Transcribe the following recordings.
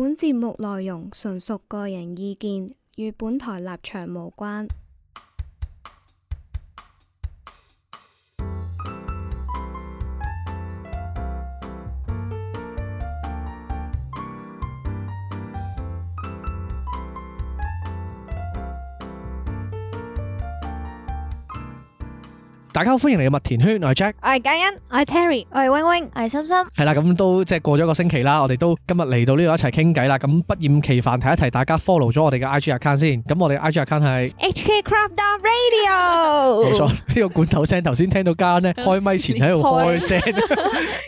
本節目內容純屬個人意見，與本台立場無關。大家好，歡迎嚟嘅麥田圈，我係 Jack，我係嘉欣，我係 Terry，我係 wing wing，我係心心。係啦，咁都即係過咗一個星期啦，我哋都今日嚟到呢度一齊傾偈啦。咁不厭其煩提一提大家 follow 咗我哋嘅 IG account 先。咁我哋 IG account 係 hkcrop.radio。冇錯，呢個罐頭聲頭先聽到嘉欣咧，開咪前喺度開聲，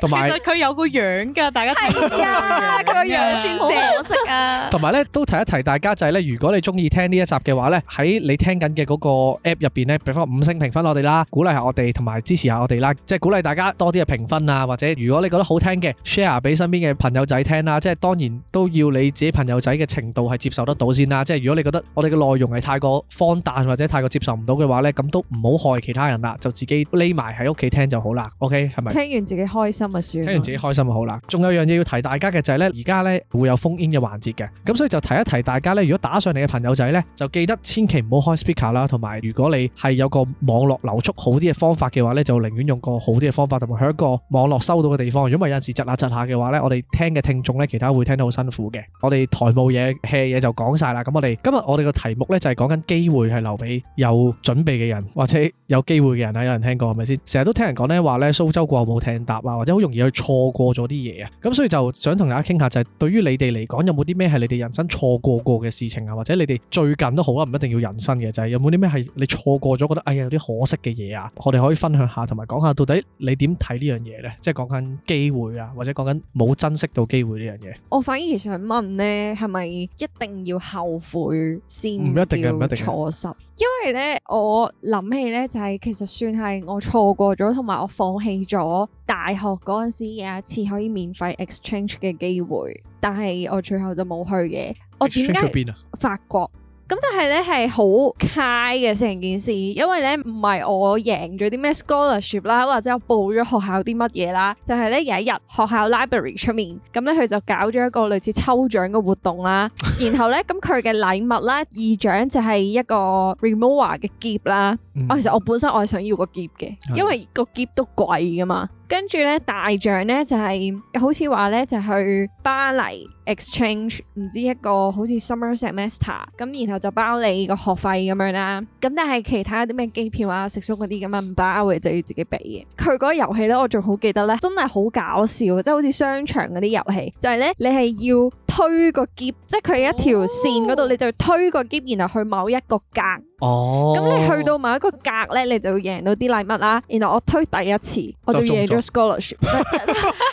同埋佢有個樣噶，大家睇啊，佢個樣先可惜啊。同埋咧都提一提大家就係咧，如果你中意聽呢一集嘅話咧，喺你聽緊嘅嗰個 app 入邊咧，畀返五星評分我哋啦，鼓勵我哋同埋支持下我哋啦，即係鼓勵大家多啲嘅評分啊，或者如果你覺得好聽嘅 share 俾身邊嘅朋友仔聽啦，即係當然都要你自己朋友仔嘅程度係接受得到先啦。即係如果你覺得我哋嘅內容係太過荒誕或者太過接受唔到嘅話咧，咁都唔好害其他人啦，就自己匿埋喺屋企聽就好啦。OK 係咪？聽完自己開心就算。聽完自己開心就好啦。仲有樣嘢要提大家嘅就係咧，而家咧會有封煙嘅環節嘅，咁所以就提一提大家咧，如果打上嚟嘅朋友仔咧，就記得千祈唔好開 speaker 啦，同埋如果你係有個網絡流速好啲。方法嘅話呢，就寧願用個好啲嘅方法，同埋去一個網絡收到嘅地方。如果唔係有陣時窒下窒下嘅話呢，我哋聽嘅聽眾呢，其他會聽到好辛苦嘅。我哋台務嘢 hea 嘢就講晒啦。咁我哋今日我哋個題目呢，就係講緊機會係留俾有準備嘅人，或者。有機會嘅人啊，有人聽過係咪先？成日都聽人講咧話咧，蘇州過後冇艇搭啊，或者好容易去錯過咗啲嘢啊。咁所以就想同大家傾下，就係對於你哋嚟講，有冇啲咩係你哋人生錯過過嘅事情啊？或者你哋最近都好啦，唔一定要人生嘅，就係有冇啲咩係你錯過咗，覺得哎呀有啲可惜嘅嘢啊？我哋可以分享下，同埋講下到底你點睇呢樣嘢咧？即係講緊機會啊，或者講緊冇珍惜到機會呢樣嘢。我反而想問咧，係咪一定要後悔先唔一定嘅，唔一定嘅，叫錯失？因為咧，我諗起咧就。係，其實算係我錯過咗，同埋我放棄咗大學嗰陣時有一次可以免費 exchange 嘅機會，但係我最後就冇去嘅。我點解？法國。咁但係咧係好 high 嘅，成件事，因為咧唔係我贏咗啲咩 scholarship 啦，或者我報咗學校啲乜嘢啦，就係、是、咧有一日學校 library 出面，咁咧佢就搞咗一個類似抽獎嘅活動啦， 然後咧咁佢嘅禮物咧二等獎就係一個 Rimowa 嘅喼啦，嗯、其實我本身我係想要個喼嘅，因為個喼都貴㗎嘛。跟住咧，大獎咧就係好似話咧，就是呢就是、去巴黎 exchange，唔知一個好似 summer semester 咁，然後就包你個學費咁樣啦。咁但係其他啲咩機票啊、食宿嗰啲咁啊，唔包嘅就要自己俾嘅。佢嗰個遊戲咧，我仲好記得咧，真係好搞笑，即係好似商場嗰啲遊戲，就係、是、咧你係要，推個鉸，即係佢喺一條線嗰度，oh. 你就推個鉸，然後去某一個格，格。哦，咁你去到某一個格咧，你就會贏到啲禮物啦。然後我推第一次，就我就贏咗 scholarship。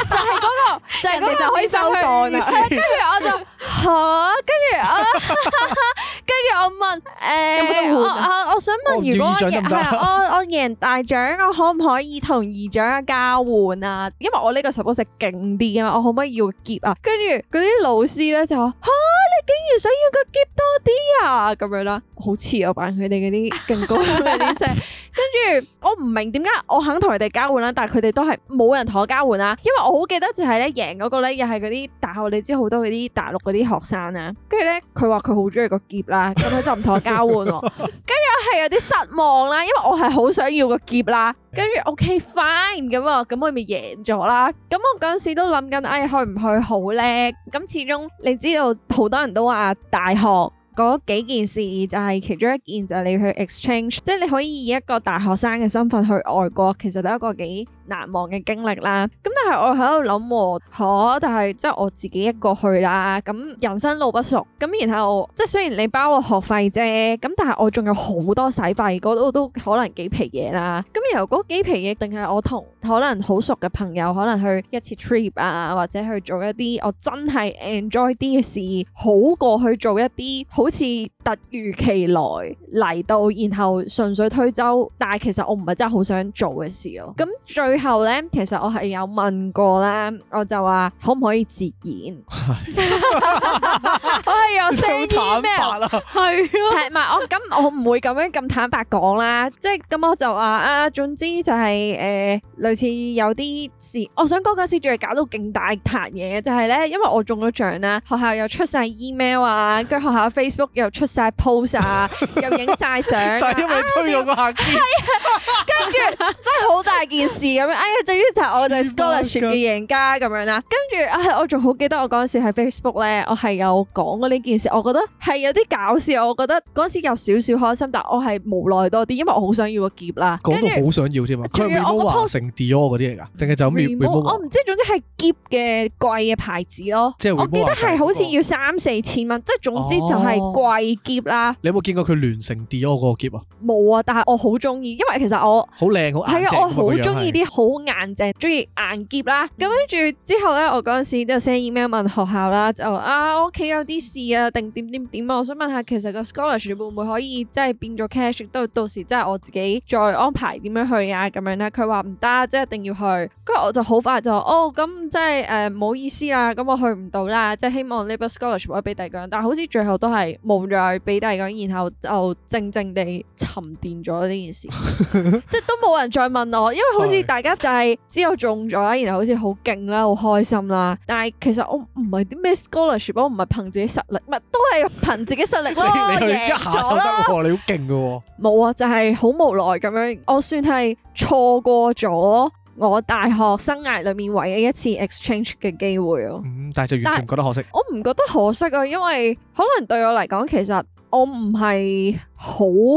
就係嗰、那個，就係、是、咁、那個、就可以收貨 啊！跟住我就吓，跟住我，跟 住我問誒、欸啊，我想問，哦啊、 如果我我贏大獎，我可唔可以同二獎啊交換啊？因為我呢個十波石勁啲啊，我可唔可以要劫啊？跟住嗰啲老師咧就話吓、啊，你竟然想要個劫多啲啊？咁樣啦，好似我扮佢哋嗰啲勁高咁嘅啲聲。跟住我唔明點解我肯同佢哋交換啦，但係佢哋都係冇人同我交換啊，因為我好記得就係咧贏嗰個咧，又係嗰啲大學，你知好多嗰啲大陸嗰啲學生啊。跟住咧，佢話佢好中意個劫啦，咁佢 就唔同我交換、啊。跟住我係有啲失望啦、啊，因為我係好想要個劫啦。跟住 OK fine 咁、嗯、啊，咁、嗯、我咪贏咗啦。咁、嗯、我嗰陣時都諗緊，哎去唔去好咧？咁、嗯、始終你知道，好多人都話大學嗰幾件事就係、是、其中一件，就係你去 exchange，即係你可以以一個大學生嘅身份去外國，其實都一個幾。難忘嘅經歷啦，咁但係我喺度諗，吓、啊，但係即係我自己一個去啦，咁人生路不熟，咁然後我即係雖然你包我學費啫，咁但係我仲有好多使費，嗰度都可能幾皮嘢啦，咁由嗰幾皮嘢，定係我同可能好熟嘅朋友，可能去一次 trip 啊，或者去做一啲我真係 enjoy 啲嘅事，好過去做一啲好似突如其來嚟到，然後順水推舟，但係其實我唔係真係好想做嘅事咯，咁最。之後咧，其實我係有問過啦，我就話可唔可以自言， 我係有 send email 啦係係係我咁我唔會咁樣咁坦白講啦，即係咁我就話啊，總之就係、是、誒、呃、類似有啲事，我想嗰陣時仲係搞到勁大壇嘢，就係咧，因為我中咗獎啦，學校又出晒 email 啊，跟住學校 Facebook 又出晒 post 啊，又影晒相，因為推我個客，跟住真係好大件事。咁啊！終於就我就 scholarship 嘅贏家咁樣啦。跟住我我仲好記得我嗰陣時喺 Facebook 咧，我係有講過呢件事。我覺得係有啲搞笑。我覺得嗰陣時有少少開心，但我係無奈多啲，因為我好想要個喼啦。跟住好想要添啊！佢唔好話成 Dior 嗰啲嚟㗎，定係就我唔知。總之係喼嘅貴嘅牌子咯。即係我記得係好似要三四千蚊。即係總之就係貴喼啦。你有冇見過佢聯成 Dior 嗰個喼啊？冇啊！但係我好中意，因為其實我好靚，好係啊！我好中意啲。好硬淨，中意硬結啦。咁跟住之後咧，我嗰陣時都有 send email 問學校啦，就啊，我屋企有啲事啊，定點點點啊，我想問下，其實個 scholarship 會唔會可以即係變咗 cash？都到時即係我自己再安排點樣去啊，咁樣咧。佢話唔得，即係一定要去。跟住我就好快就哦，咁、嗯、即係誒唔好意思啊，咁、嗯、我去唔到啦。即係希望呢個 scholarship 可以俾第二個人，但好似最後都係冇再俾第二個人，然後就靜靜地沉澱咗呢件事， 即係都冇人再問我，因為好似大。大家就係知道我中咗，然後好似好勁啦，好開心啦。但係其實我唔係啲咩 scholarship，我唔係憑自己實力，唔係都係憑自己實力咯。你你去一下就得咯，你好勁噶。冇啊，就係好無奈咁樣。我算係錯過咗我大學生涯裏面唯一一次 exchange 嘅機會咯。嗯，但係就完全唔覺得可惜。我唔覺得可惜啊，因為可能對我嚟講，其實我唔係好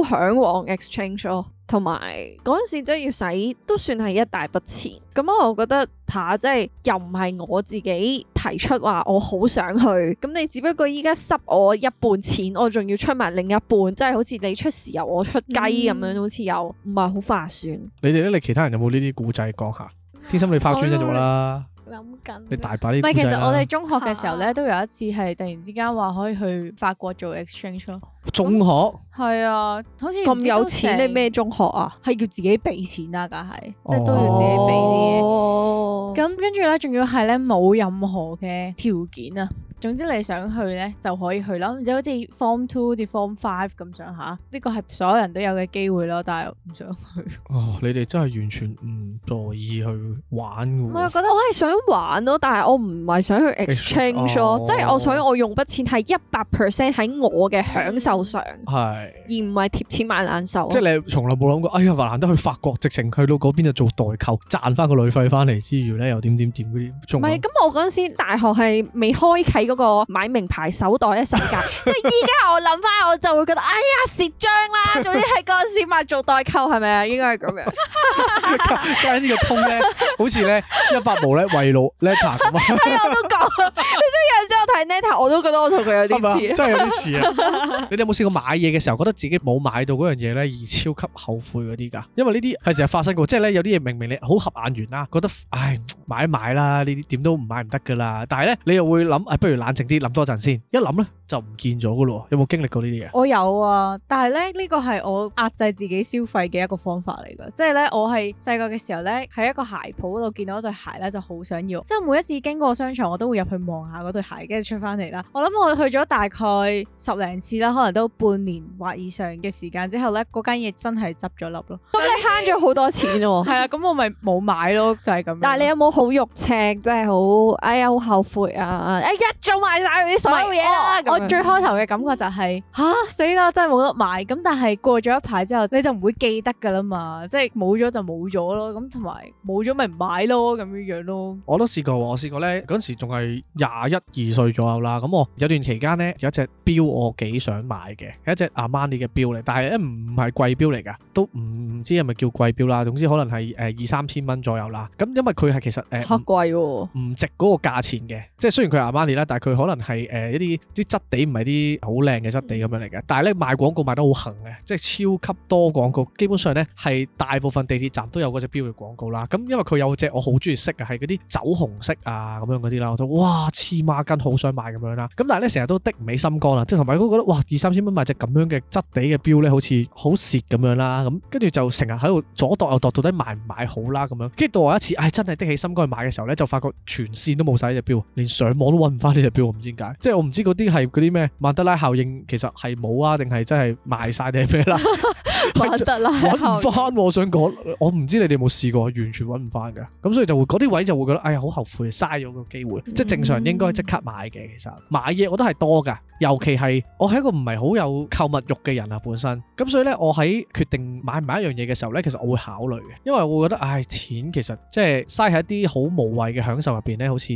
向往 exchange 咯。同埋嗰陣時真係要使，都算係一大筆錢。咁我覺得嚇、啊，即係又唔係我自己提出話，我好想去。咁你只不過依家濕我一半錢，我仲要出埋另一半，即係好似你出豉油，我出雞咁樣，好、嗯、似又唔係好划算。你哋咧，你其他人有冇呢啲故仔講下？天心你發專一咗啦。 諗緊，你大把呢，唔係，其實我哋中學嘅時候咧，都、啊、有一次係突然之間話可以去法國做 exchange 咯。中學？係啊，好似咁有錢，你咩中學啊？係要自己俾錢啊，梗係、哦，即係都要自己俾啲嘢。咁跟住咧，仲要係咧冇任何嘅條件啊。總之你想去咧就可以去啦，就好似 Form Two、啲 Form Five 咁上下，呢個係所有人都有嘅機會咯，但係唔想去。哦、呃，你哋真係完全唔在意去玩嘅喎？我覺得我係想玩咯，但係我唔係想去 exchange 咯、哦，即係我想我用筆錢係一百 percent 喺我嘅享受上，嗯、而唔係貼錢買難受。即係你從來冇諗過，哎呀，話難得去法國直程去到嗰邊就做代購，賺翻個旅費翻嚟之餘咧又點點點啲。唔係，咁我嗰陣時大學係未開啓嗰個買名牌手袋一世界，即係依家我諗翻，我就會覺得，哎呀，蝕張啦！總之係嗰陣時買做代購係咪啊？應該係咁樣。 跟住呢個通咧，好似咧一百毛咧為老 Letter 咁我都講。 所以有陣時候我睇 Letter，我都覺得我同佢有啲似。真係有啲似啊！ 你哋有冇試過買嘢嘅時候，覺得自己冇買到嗰樣嘢咧，而超級後悔嗰啲㗎？因為呢啲係成日發生㗎，即係咧有啲嘢明明你好合眼緣啦，覺得唉買買啦，呢啲點都唔買唔得㗎啦。但係咧你又會諗，哎，不如。冷靜啲，諗多陣先。一諗咧。就唔見咗噶咯，有冇經歷過呢啲嘢？我有啊，但係咧呢個係我壓制自己消費嘅一個方法嚟㗎，即係咧我係細個嘅時候咧喺一個鞋鋪度見到一對鞋咧就好想要，即係每一次經過商場我都會入去望下嗰對鞋，跟住出翻嚟啦。我諗我去咗大概十零次啦，可能都半年或以上嘅時間之後咧，嗰間嘢真係執咗笠咯。咁的你慳咗好多錢喎。係啊，咁、 啊、我咪冇買咯，就係、是、咁。但係你有冇好肉赤，真係好，哎呀，好後悔啊！哎呀做埋曬啲所有嘢說、哦、啊！最開頭嘅感覺就係吓死啦，真係冇得買。咁但係過咗一排之後，你就唔會記得㗎啦嘛，即係冇咗就冇咗咯。咁同埋冇咗咪唔買咯，咁樣樣咯。我都試過喎，我試過呢。嗰陣時仲係廿一二歲左右啦。咁我有段期間呢，有一隻表我幾想買嘅，係一隻阿瑪尼嘅表嚟，但係咧唔係貴表嚟㗎，都唔知係咪叫貴表啦。總之可能係誒二三千蚊左右啦。咁因為佢係其實誒，唔貴喎、喔，唔值嗰個價錢嘅。即係雖然佢係阿瑪尼啦，但係佢可能係誒一啲啲質。地唔係啲好靚嘅質地咁樣嚟嘅，但係咧賣廣告賣得好行嘅，即係超級多廣告，基本上咧係大部分地鐵站都有嗰隻表嘅廣告啦。咁因為佢有隻我好中意色啊，係嗰啲酒紅色啊咁樣嗰啲啦，我話哇黐孖筋，好想買咁樣啦。咁但係咧成日都的唔起心肝啦，即係同埋都覺得哇二三千蚊買隻咁樣嘅質地嘅表咧，好似好蝕咁樣啦。咁跟住就成日喺度左度右度到底買唔買好啦咁樣。跟住到我一次，唉、哎、真係的滴起心肝去買嘅時候咧，就發覺全線都冇晒呢隻表，連上網都揾唔返呢隻表，我唔知點解，即係我唔知嗰啲係。嗰啲咩曼德拉效應其實係冇啊？定係真係賣晒定係咩啦？ 曼德拉效應揾唔翻，我想講，我唔知你哋有冇試過，完全揾唔翻嘅。咁所以就會嗰啲位就會覺得，哎呀，好後悔，嘥咗個機會。嗯、即係正常應該即刻買嘅。其實買嘢我都係多噶，尤其係我係一個唔係好有購物欲嘅人啊，本身。咁所以呢，我喺決定買唔買一樣嘢嘅時候呢，其實我會考慮嘅，因為我會覺得，唉、哎，錢其實即係嘥喺一啲好無謂嘅享受入邊呢，好似。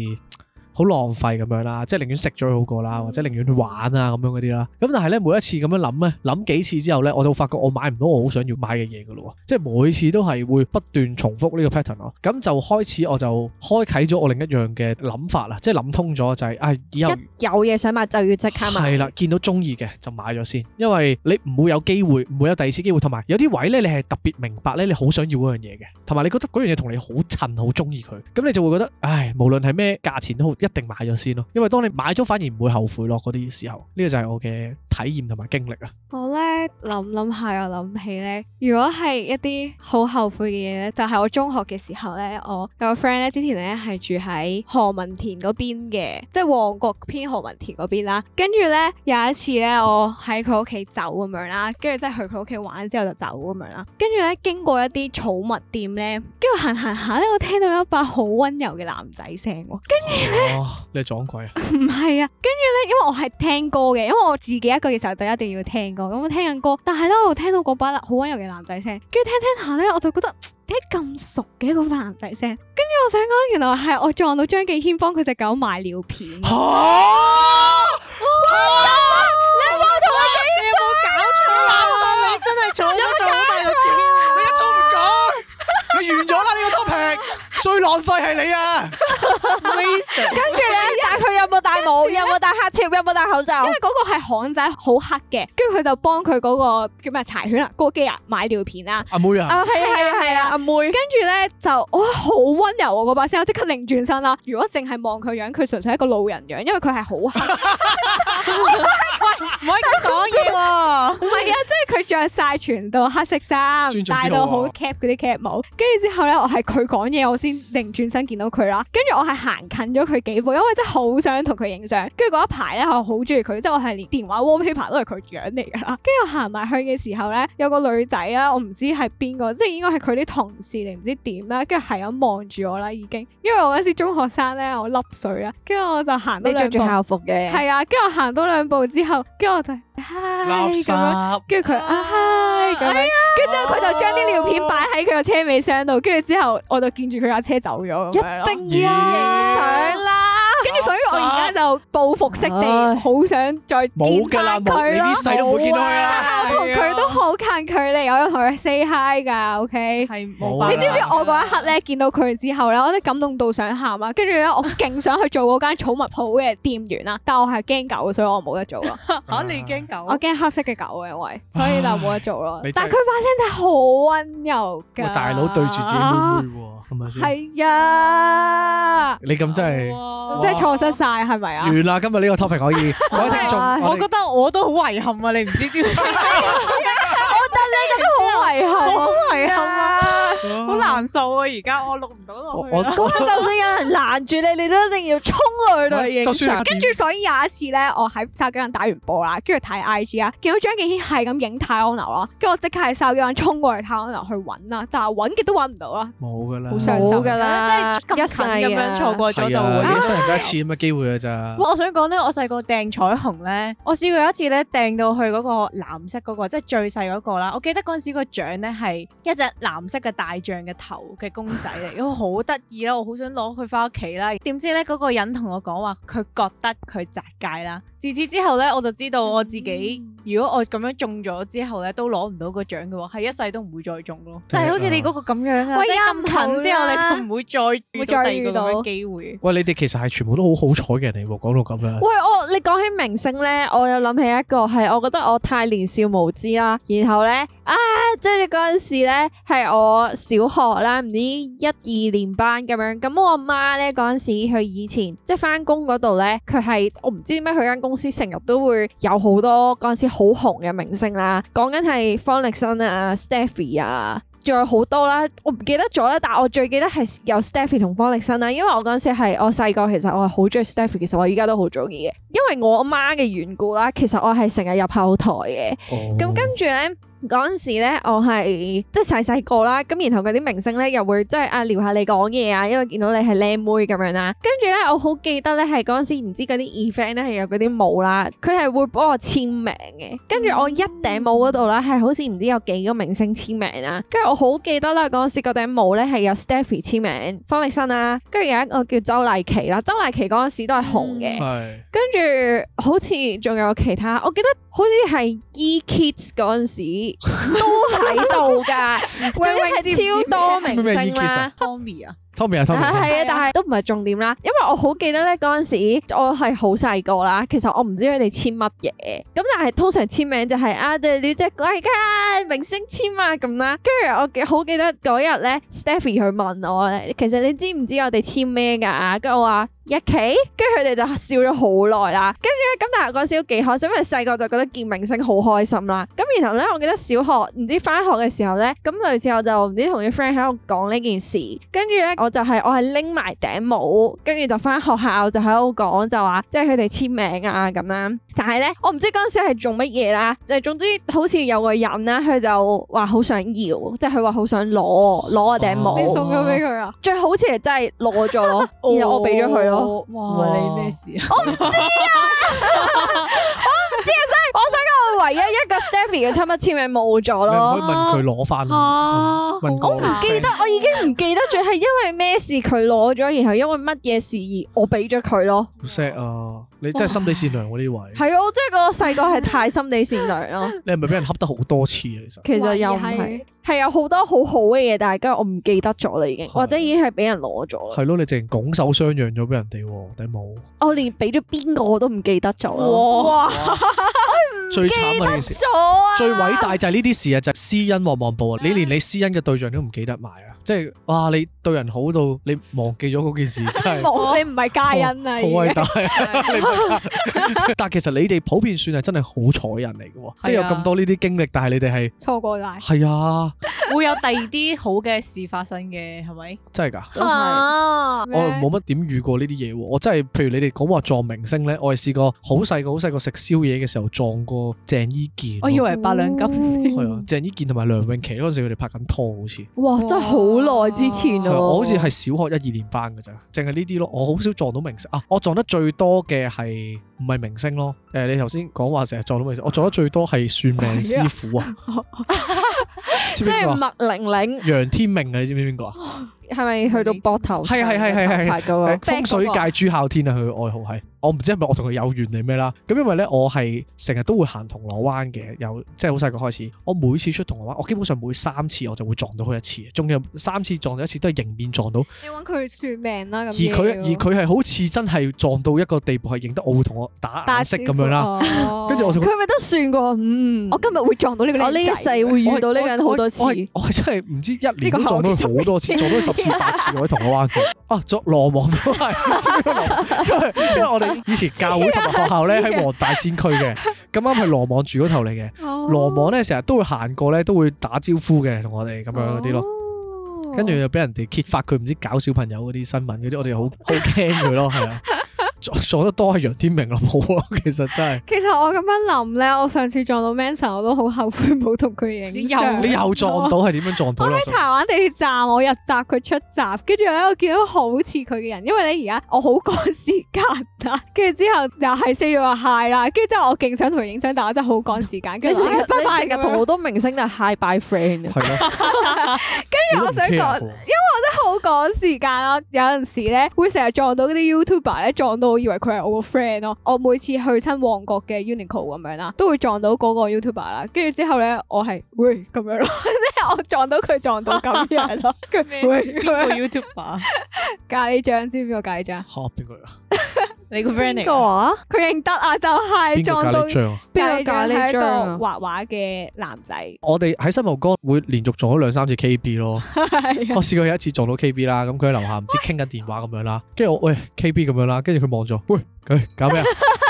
好浪費咁樣啦，即係寧願食咗好過啦，或者寧願去玩啊咁樣嗰啲啦。咁但係呢，每一次咁樣諗呢，諗幾次之後呢，我就發覺我買唔到我好想要買嘅嘢㗎咯喎。即係每次都係會不斷重複呢個 pattern 咯。咁就開始我就開啟咗我另一樣嘅諗法啦，即係諗通咗就係、是、唉、哎，以後有有嘢想買就要即刻買。係啦，見到中意嘅就買咗先，因為你唔會有機會，唔會有第二次機會。同埋有啲位呢，你係特別明白呢，你好想要嗰樣嘢嘅，同埋你覺得嗰樣嘢同你好襯，好中意佢，咁你就會覺得，唉，無論係咩價錢都好。一定買咗先咯，因為當你買咗反而唔會後悔咯，嗰啲時候呢個就係我嘅體驗同埋經歷啊。我呢諗諗下，想想又諗起呢，如果係一啲好後悔嘅嘢呢，就係、是、我中學嘅時候呢，我有個 friend 呢，之前呢係住喺何文田嗰邊嘅，即係旺角偏何文田嗰邊啦。跟住呢有一次呢，我喺佢屋企走咁樣啦，跟住即係去佢屋企玩之後就走咁樣啦。跟住呢經過一啲寵物店呢，跟住行行下呢，我聽到有一把好溫柔嘅男仔聲，跟住呢。啊哇！你係撞鬼啊？唔係啊，跟住咧，因為我係聽歌嘅，因為我自己一個嘅時候就一定要聽歌，咁我聽緊歌，但係咧我聽到嗰把好溫柔嘅男仔聲，跟住聽聽下咧，我就覺得點解咁熟嘅一個男仔聲，跟住我想講，原來係我撞到張敬軒幫佢隻狗買尿片。你有冇同我講，你有冇搞錯，你真係撞到張敬軒買尿片，你一早唔講，你完咗啦呢個 topic。浪費係你啊！跟住咧，但佢有冇戴帽？有冇戴黑超？有冇戴口罩？因為嗰個係巷仔，好黑嘅。跟住佢就幫佢嗰個叫咩柴犬啊，哥基啊買尿片啊。阿妹啊！啊係啊係啊阿妹。跟住咧就哇好溫柔啊嗰把聲，我即刻擰轉身啦。如果淨係望佢樣，佢純粹係一個路人樣，因為佢係好黑。喂，唔可以講嘢喎！唔係啊，即係佢着晒全套黑色衫，戴到好 cap 嗰啲 cap 帽。跟住之後咧，我係佢講嘢，我先。定轉身見到佢啦，跟住我係行近咗佢幾步，因為真係好想同佢影相。跟住嗰一排咧，我好中意佢，即係我係連電話 wallpaper 都係佢樣嚟噶啦。跟住我行埋去嘅時候咧，有個女仔啊，我唔知係邊個，即係應該係佢啲同事定唔知點啦。跟住係咁望住我啦，已經，因為我嗰時中學生咧，我凹水啦。跟住我就行到兩，你着校服嘅。係啊，跟住我行多兩步之後，跟住我就嗨咁樣，跟住佢嗨咁樣，跟住佢就將啲尿片擺喺佢個車尾箱度，跟住之後我就見住佢架車。走咗，一定要影相啦。跟住，所以我而家就報復式地，好想再見下佢咯。世都冇見到佢啊。我同佢都好近距離，我有同佢 say hi 噶。O K，係冇。你知唔知我嗰一刻咧見到佢之後咧，我哋感動到想喊啊！跟住咧，我勁想去做嗰間寵物鋪嘅店員啦，但係我係驚狗，所以我冇得做啦。吓你驚狗？我驚黑色嘅狗，因為所以就冇得做咯。但係佢把聲真係好溫柔噶，大佬對住自己妹妹係咪先？呀！Yeah. 你咁真係，即係錯失晒係咪啊？完啦，今日呢個 topic 可以，我覺得我都好遺憾啊！ 你唔知點， 我覺得你咁樣好遺憾，好遺憾啊！ 憾 好哇難受啊！而家我錄唔到落去啦。就算有人攔住你， 你都一定要衝過去影嘢。啊、跟住，所以有一次咧，我喺筲箕灣打完波啦，跟住睇 I G 啊，見到張敬軒係咁影太安樓啦，跟住我即刻喺筲箕灣衝過去太安樓去揾啦，但係揾極都揾唔到啦。冇噶啦，好上手嘅啦，即係咁近咁樣錯過咗就會。一生得一次咁嘅機會噶咋。我想講咧，我細個掟彩虹咧，我試過有一次咧掟到去嗰個藍色嗰、嗰個，即係最細嗰、嗰個啦。我記得嗰陣時個獎咧係一隻藍色嘅大象嘅頭嘅公仔嚟，咁好得意啦！我好想攞佢返屋企啦。點知咧，嗰個人同我講話，佢覺得佢雜介啦。自此之後咧，我就知道我自己，嗯、如果我咁樣中咗之後咧，都攞唔到個獎嘅話，係一世都唔會再中咯。但係好似你嗰個咁樣啊，咁喂近之後你就唔會再會再遇到，會再遇到個機會。喂，你哋其實係全部都好好彩嘅人嚟喎，講到咁樣。喂，我你講起明星咧，我又諗起一個係，我覺得我太年少無知啦。然後咧啊，即係嗰陣時咧係我小學啦，唔知一二年班咁樣。咁我阿媽咧嗰陣時佢以前即係翻工嗰度咧，佢係我唔知點解佢間公司成日都會有好多嗰陣時好紅嘅明星啦，講緊係方力申啊、Stephy 啊，仲有好多啦，我唔記得咗啦。但我最記得係有 Stephy 同方力申啦，因為我嗰陣時係我細個，其實我係好中意 Stephy，其實我依家都好中意嘅，因為我阿媽嘅緣故啦。其實我係成日入後台嘅，咁，oh. 跟住咧。嗰陣時咧，我係即係細細個啦，咁然後嗰啲明星咧又會即係啊撩下你講嘢啊，因為見到你係靚妹咁樣啦。跟住咧，我好記得咧，係嗰陣時唔知嗰啲 event 咧係有嗰啲帽啦，佢係會幫我簽名嘅。跟住我一頂帽嗰度啦，係好似唔知有幾個明星簽名啦。跟住我好記得啦，嗰陣時嗰頂帽咧係有 Stephy 簽名，方力申啦、啊，跟住有一個叫周麗淇啦，周麗淇嗰陣時都係紅嘅。係、嗯、跟住好似仲有其他，我記得好似係 E Kids 嗰陣時。都喺度噶，嗰啲係超多明星啦，Tommy 啊。封面啊封面，係啊，但係都唔係重點啦，因為我好記得咧嗰陣時，我係好細個啦，其實我唔知佢哋簽乜嘢，咁但係通常簽名就係、是、啊對鳥只怪咖明星簽啊！」咁啦，跟住我好記得嗰日咧，Stephy 佢問我咧，其實你知唔知我哋簽咩噶啊？跟住我話日期？」跟住佢哋就笑咗好耐啦，跟住咧咁但係嗰陣時都幾開心，因為細個就覺得見明星好開心啦，咁然後咧我記得小學唔知翻學嘅時候咧，咁類似我就唔知同啲 friend 喺度講呢件事，跟住咧就係、我就係我係拎埋頂帽，跟住就返學校就喺度講就話，即係佢哋簽名啊咁啦。但係咧，我唔知嗰陣時係做乜嘢啦。就係、總之好似有個人咧，佢就話好想要，即係佢話好想攞攞我頂帽。你送咗俾佢啊？哦、最好似係真係攞咗咯，哦、然後我俾咗佢咯。哇！哇你咩事啊？我唔知啊。 係啊，一個 Stephy 嘅親密簽名冇咗咯，唔可以問佢攞翻咯。我唔記得，我已經唔記得住係因為咩事佢攞咗，然後因為乜嘢事而我俾咗佢咯。好 sad 啊，你真係心地善良喎呢位。係啊，我真係個細個係太心地善良咯。你係咪俾人恰得好多次啊？其實其實又唔係，係有好多好好嘅嘢，但係今日我唔記得咗啦，已經或者已經係俾人攞咗。係咯，你淨係拱手相讓咗俾人哋，但係冇。我連俾咗邊個我都唔記得咗。哇！最慘啊！呢件事最偉大就係呢啲事啊，就是、施恩莫望報啊！嗯、你連你施恩嘅對象都唔記得埋啊！即係哇！你對人好到你忘記咗嗰件事，真係你唔係家人啊！好偉大！但其實你哋普遍算係真係好彩人嚟嘅喎，即係有咁多呢啲經歷，但係你哋係錯過曬，係啊，會有第二啲好嘅事發生嘅，係咪？真係㗎，我冇乜點遇過呢啲嘢喎。我真係，譬如你哋講話撞明星咧，我係試過好細個、好細個食宵夜嘅時候撞過鄭伊健。我以為八兩金，係啊，鄭伊健同埋梁詠琪嗰陣時佢哋拍緊拖，好似哇，真係好～好耐之前咯，啊，我好似係小學一二年班嘅咋，淨係呢啲咯。我好少撞到明星啊！我撞得最多嘅係唔係明星咯？誒、呃，你頭先講話成日撞到明星，我撞得最多係算命師傅啊！ 即係麥玲玲、楊天明啊，你知唔知邊個啊？係咪 去到膊頭 是是到、那個？係係係係係，風水界朱孝，孝天啊，佢嘅愛好係。我唔知係咪我同佢有緣定咩啦？咁因為咧，我係成日都會行銅鑼灣嘅，由即係好細個開始。我每次出銅鑼灣，我基本上每三次我就會撞到佢一次，仲有三次撞到一次都係迎面撞到。你揾佢算命啦，啊，咁樣。而佢他而佢係好似真係撞到一個地步，係認得我會同我打眼色咁樣啦。跟住我佢咪都算過，嗯，我今日會撞到呢個人。我呢一世會遇到呢個人好多次。我，我，我，我，我，我真係唔知一年都撞到佢好多次，就是、次，次，撞到十次 八次我喺銅鑼灣。啊，撞羅網都係， 因為我哋。以前教會同埋學校咧喺黃大仙區嘅，咁啱係羅網住嗰頭嚟嘅。 羅網咧成日都會行過咧，都會打招呼嘅，同我哋咁樣嗰啲咯。跟住又俾人哋揭發佢唔知搞小朋友嗰啲新聞嗰啲， 我哋好好驚佢咯，係 啊。撞得多係楊天明啊，冇啊。其實真係。其實我咁樣諗咧，我上次撞到 Manson，我都好後悔冇同佢影相。又。以你又撞到係點樣撞到？我喺柴灣地鐵站，我入閘佢出閘，跟住咧我見到好似佢嘅人，因為你而家我好趕時間。跟住之後又係 say 咗個 hi 啦，跟住之後我勁想同佢影相，但係我真係好趕時間。哎、bye bye 跟成日同好多明星都係 hi bye friend。係咯。跟住我想講，因為我真係好趕時間啊，有陣時咧會成日撞到嗰啲 YouTuber 咧撞到。我以為佢係我個 friend 咯，我每次去親旺角嘅 Uniqlo 咁樣啦，都會撞到嗰個 YouTuber 啦，跟住之後咧，我係喂咁樣咯，即 係我撞到佢撞到咁樣咯，佢咩？ 「邊個 YouTuber？ 隔喱醬知唔知個隔喱醬？哈、啊，邊個？你個 friend 啊？佢認得啊，就係撞到張，邊個咖喱張啊？畫畫嘅男仔。我哋喺新毛哥會連續撞咗兩三次 K B 咯。 我試過有一次撞到 K B 啦，咁佢喺樓下唔知傾緊電話咁樣啦，跟住我喂、哎、K B 咁樣啦，跟住佢望咗：「喂佢搞咩？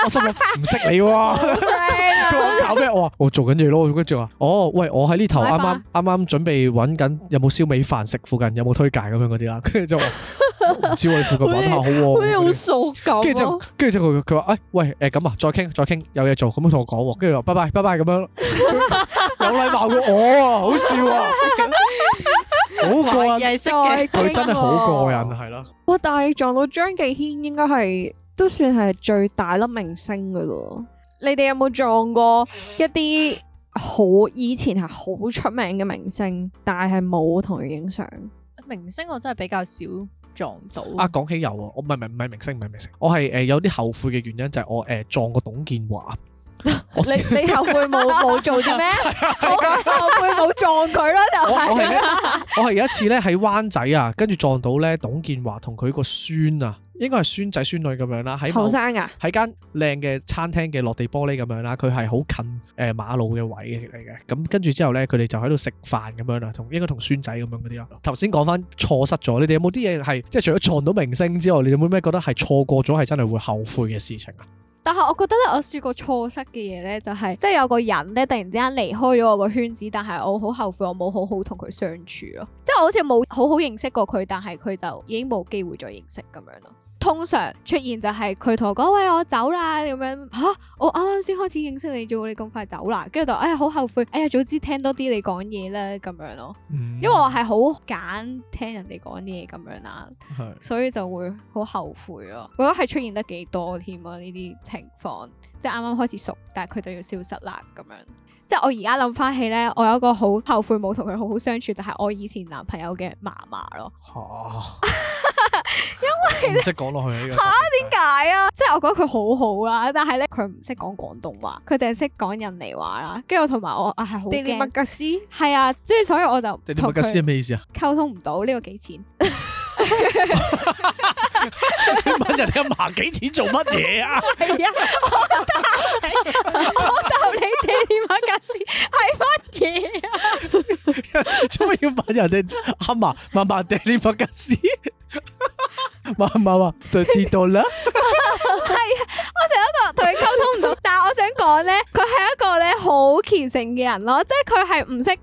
我心諗唔識你喎。搞咩？我話我做緊嘢咯。跟住話，哦喂，我喺呢頭啱啱啱啱準備揾緊有冇燒味飯食，附近有冇推介咁樣嗰啲啦。跟住就。 唔知我哋副個板拍好喎、啊，咩好掃搞？跟住就，跟住就佢佢話誒喂誒咁啊，再傾再傾，有嘢做咁樣同我講，跟住話拜拜拜拜咁樣有禮貌過我啊，好笑啊， 嗯、好過啊，佢真係好過癮係咯。哇！但係撞到張敬軒應該係都算係最大粒明星噶咯。你哋有冇撞過一啲好以前係好出名嘅明星，但係冇同佢影相？明星我真係比較少。撞到啊！講起有我唔係唔係唔係明星，唔係明星，我係誒、呃、有啲後悔嘅原因就係、是、我誒、呃、撞過董建華。 你你後悔冇冇 做啲咩？ 我後悔冇撞佢咯，就係我係有一次咧喺灣仔啊，跟住撞到咧董建華同佢個孫啊。應該係孫仔孫女咁樣啦，喺後生㗎，喺、啊、間靚嘅餐廳嘅落地玻璃咁樣啦，佢係好近誒、呃、馬路嘅位嚟嘅。咁、嗯、跟住之後咧，佢哋就喺度食飯咁樣啦，同應該同孫仔咁樣嗰啲咯。頭先講翻錯失咗，你哋有冇啲嘢係即係除咗撞到明星之外，你有冇咩覺得係錯過咗係真係會後悔嘅事情啊？但係我覺得咧，我試過錯失嘅嘢咧，就係即係有個人咧，突然之間離開咗我個圈子，但係我，我，就是、我好後悔，我冇好好同佢相處咯。即係我好似冇好好認識過佢，但係佢就已經冇機會再認識咁樣咯。通常出現就係佢同我講喂，我走啦咁樣。嚇，我啱啱先開始認識你啫，你咁快走啦，跟住就哎呀好後悔，哎呀早知聽多啲你講嘢啦咁樣咯，嗯、因為我係好揀聽人哋講嘢咁樣啦，是所以就會好後悔咯，我覺得係出現得幾多添啊呢啲情況，即係啱啱開始熟，但係佢就要消失啦咁樣。即係我而家諗翻起咧，我有一個好後悔冇同佢好好相處，就係、是、我以前男朋友嘅媽媽咯因為唔識講落去啊吓？點解啊？即係我覺得佢好好啦，但係咧佢唔識講廣東話，佢淨係識講印尼話啦。跟住我同埋我啊係好地利麥格斯係啊，即係所以我就地利麥格斯係咩意思啊？溝通唔到呢個幾錢？ 你問人哋阿嫲幾錢做乜嘢啊？係 啊，我答你，我答你，地馬格斯係乜嘢啊？做乜 要問人哋阿嫲？嫲嫲地馬格斯，媽媽話跌到啦。係 啊，啊，我成日都覺同佢溝通唔到，但係我想講咧，佢係一個咧好虔誠嘅人咯，即係佢係唔識。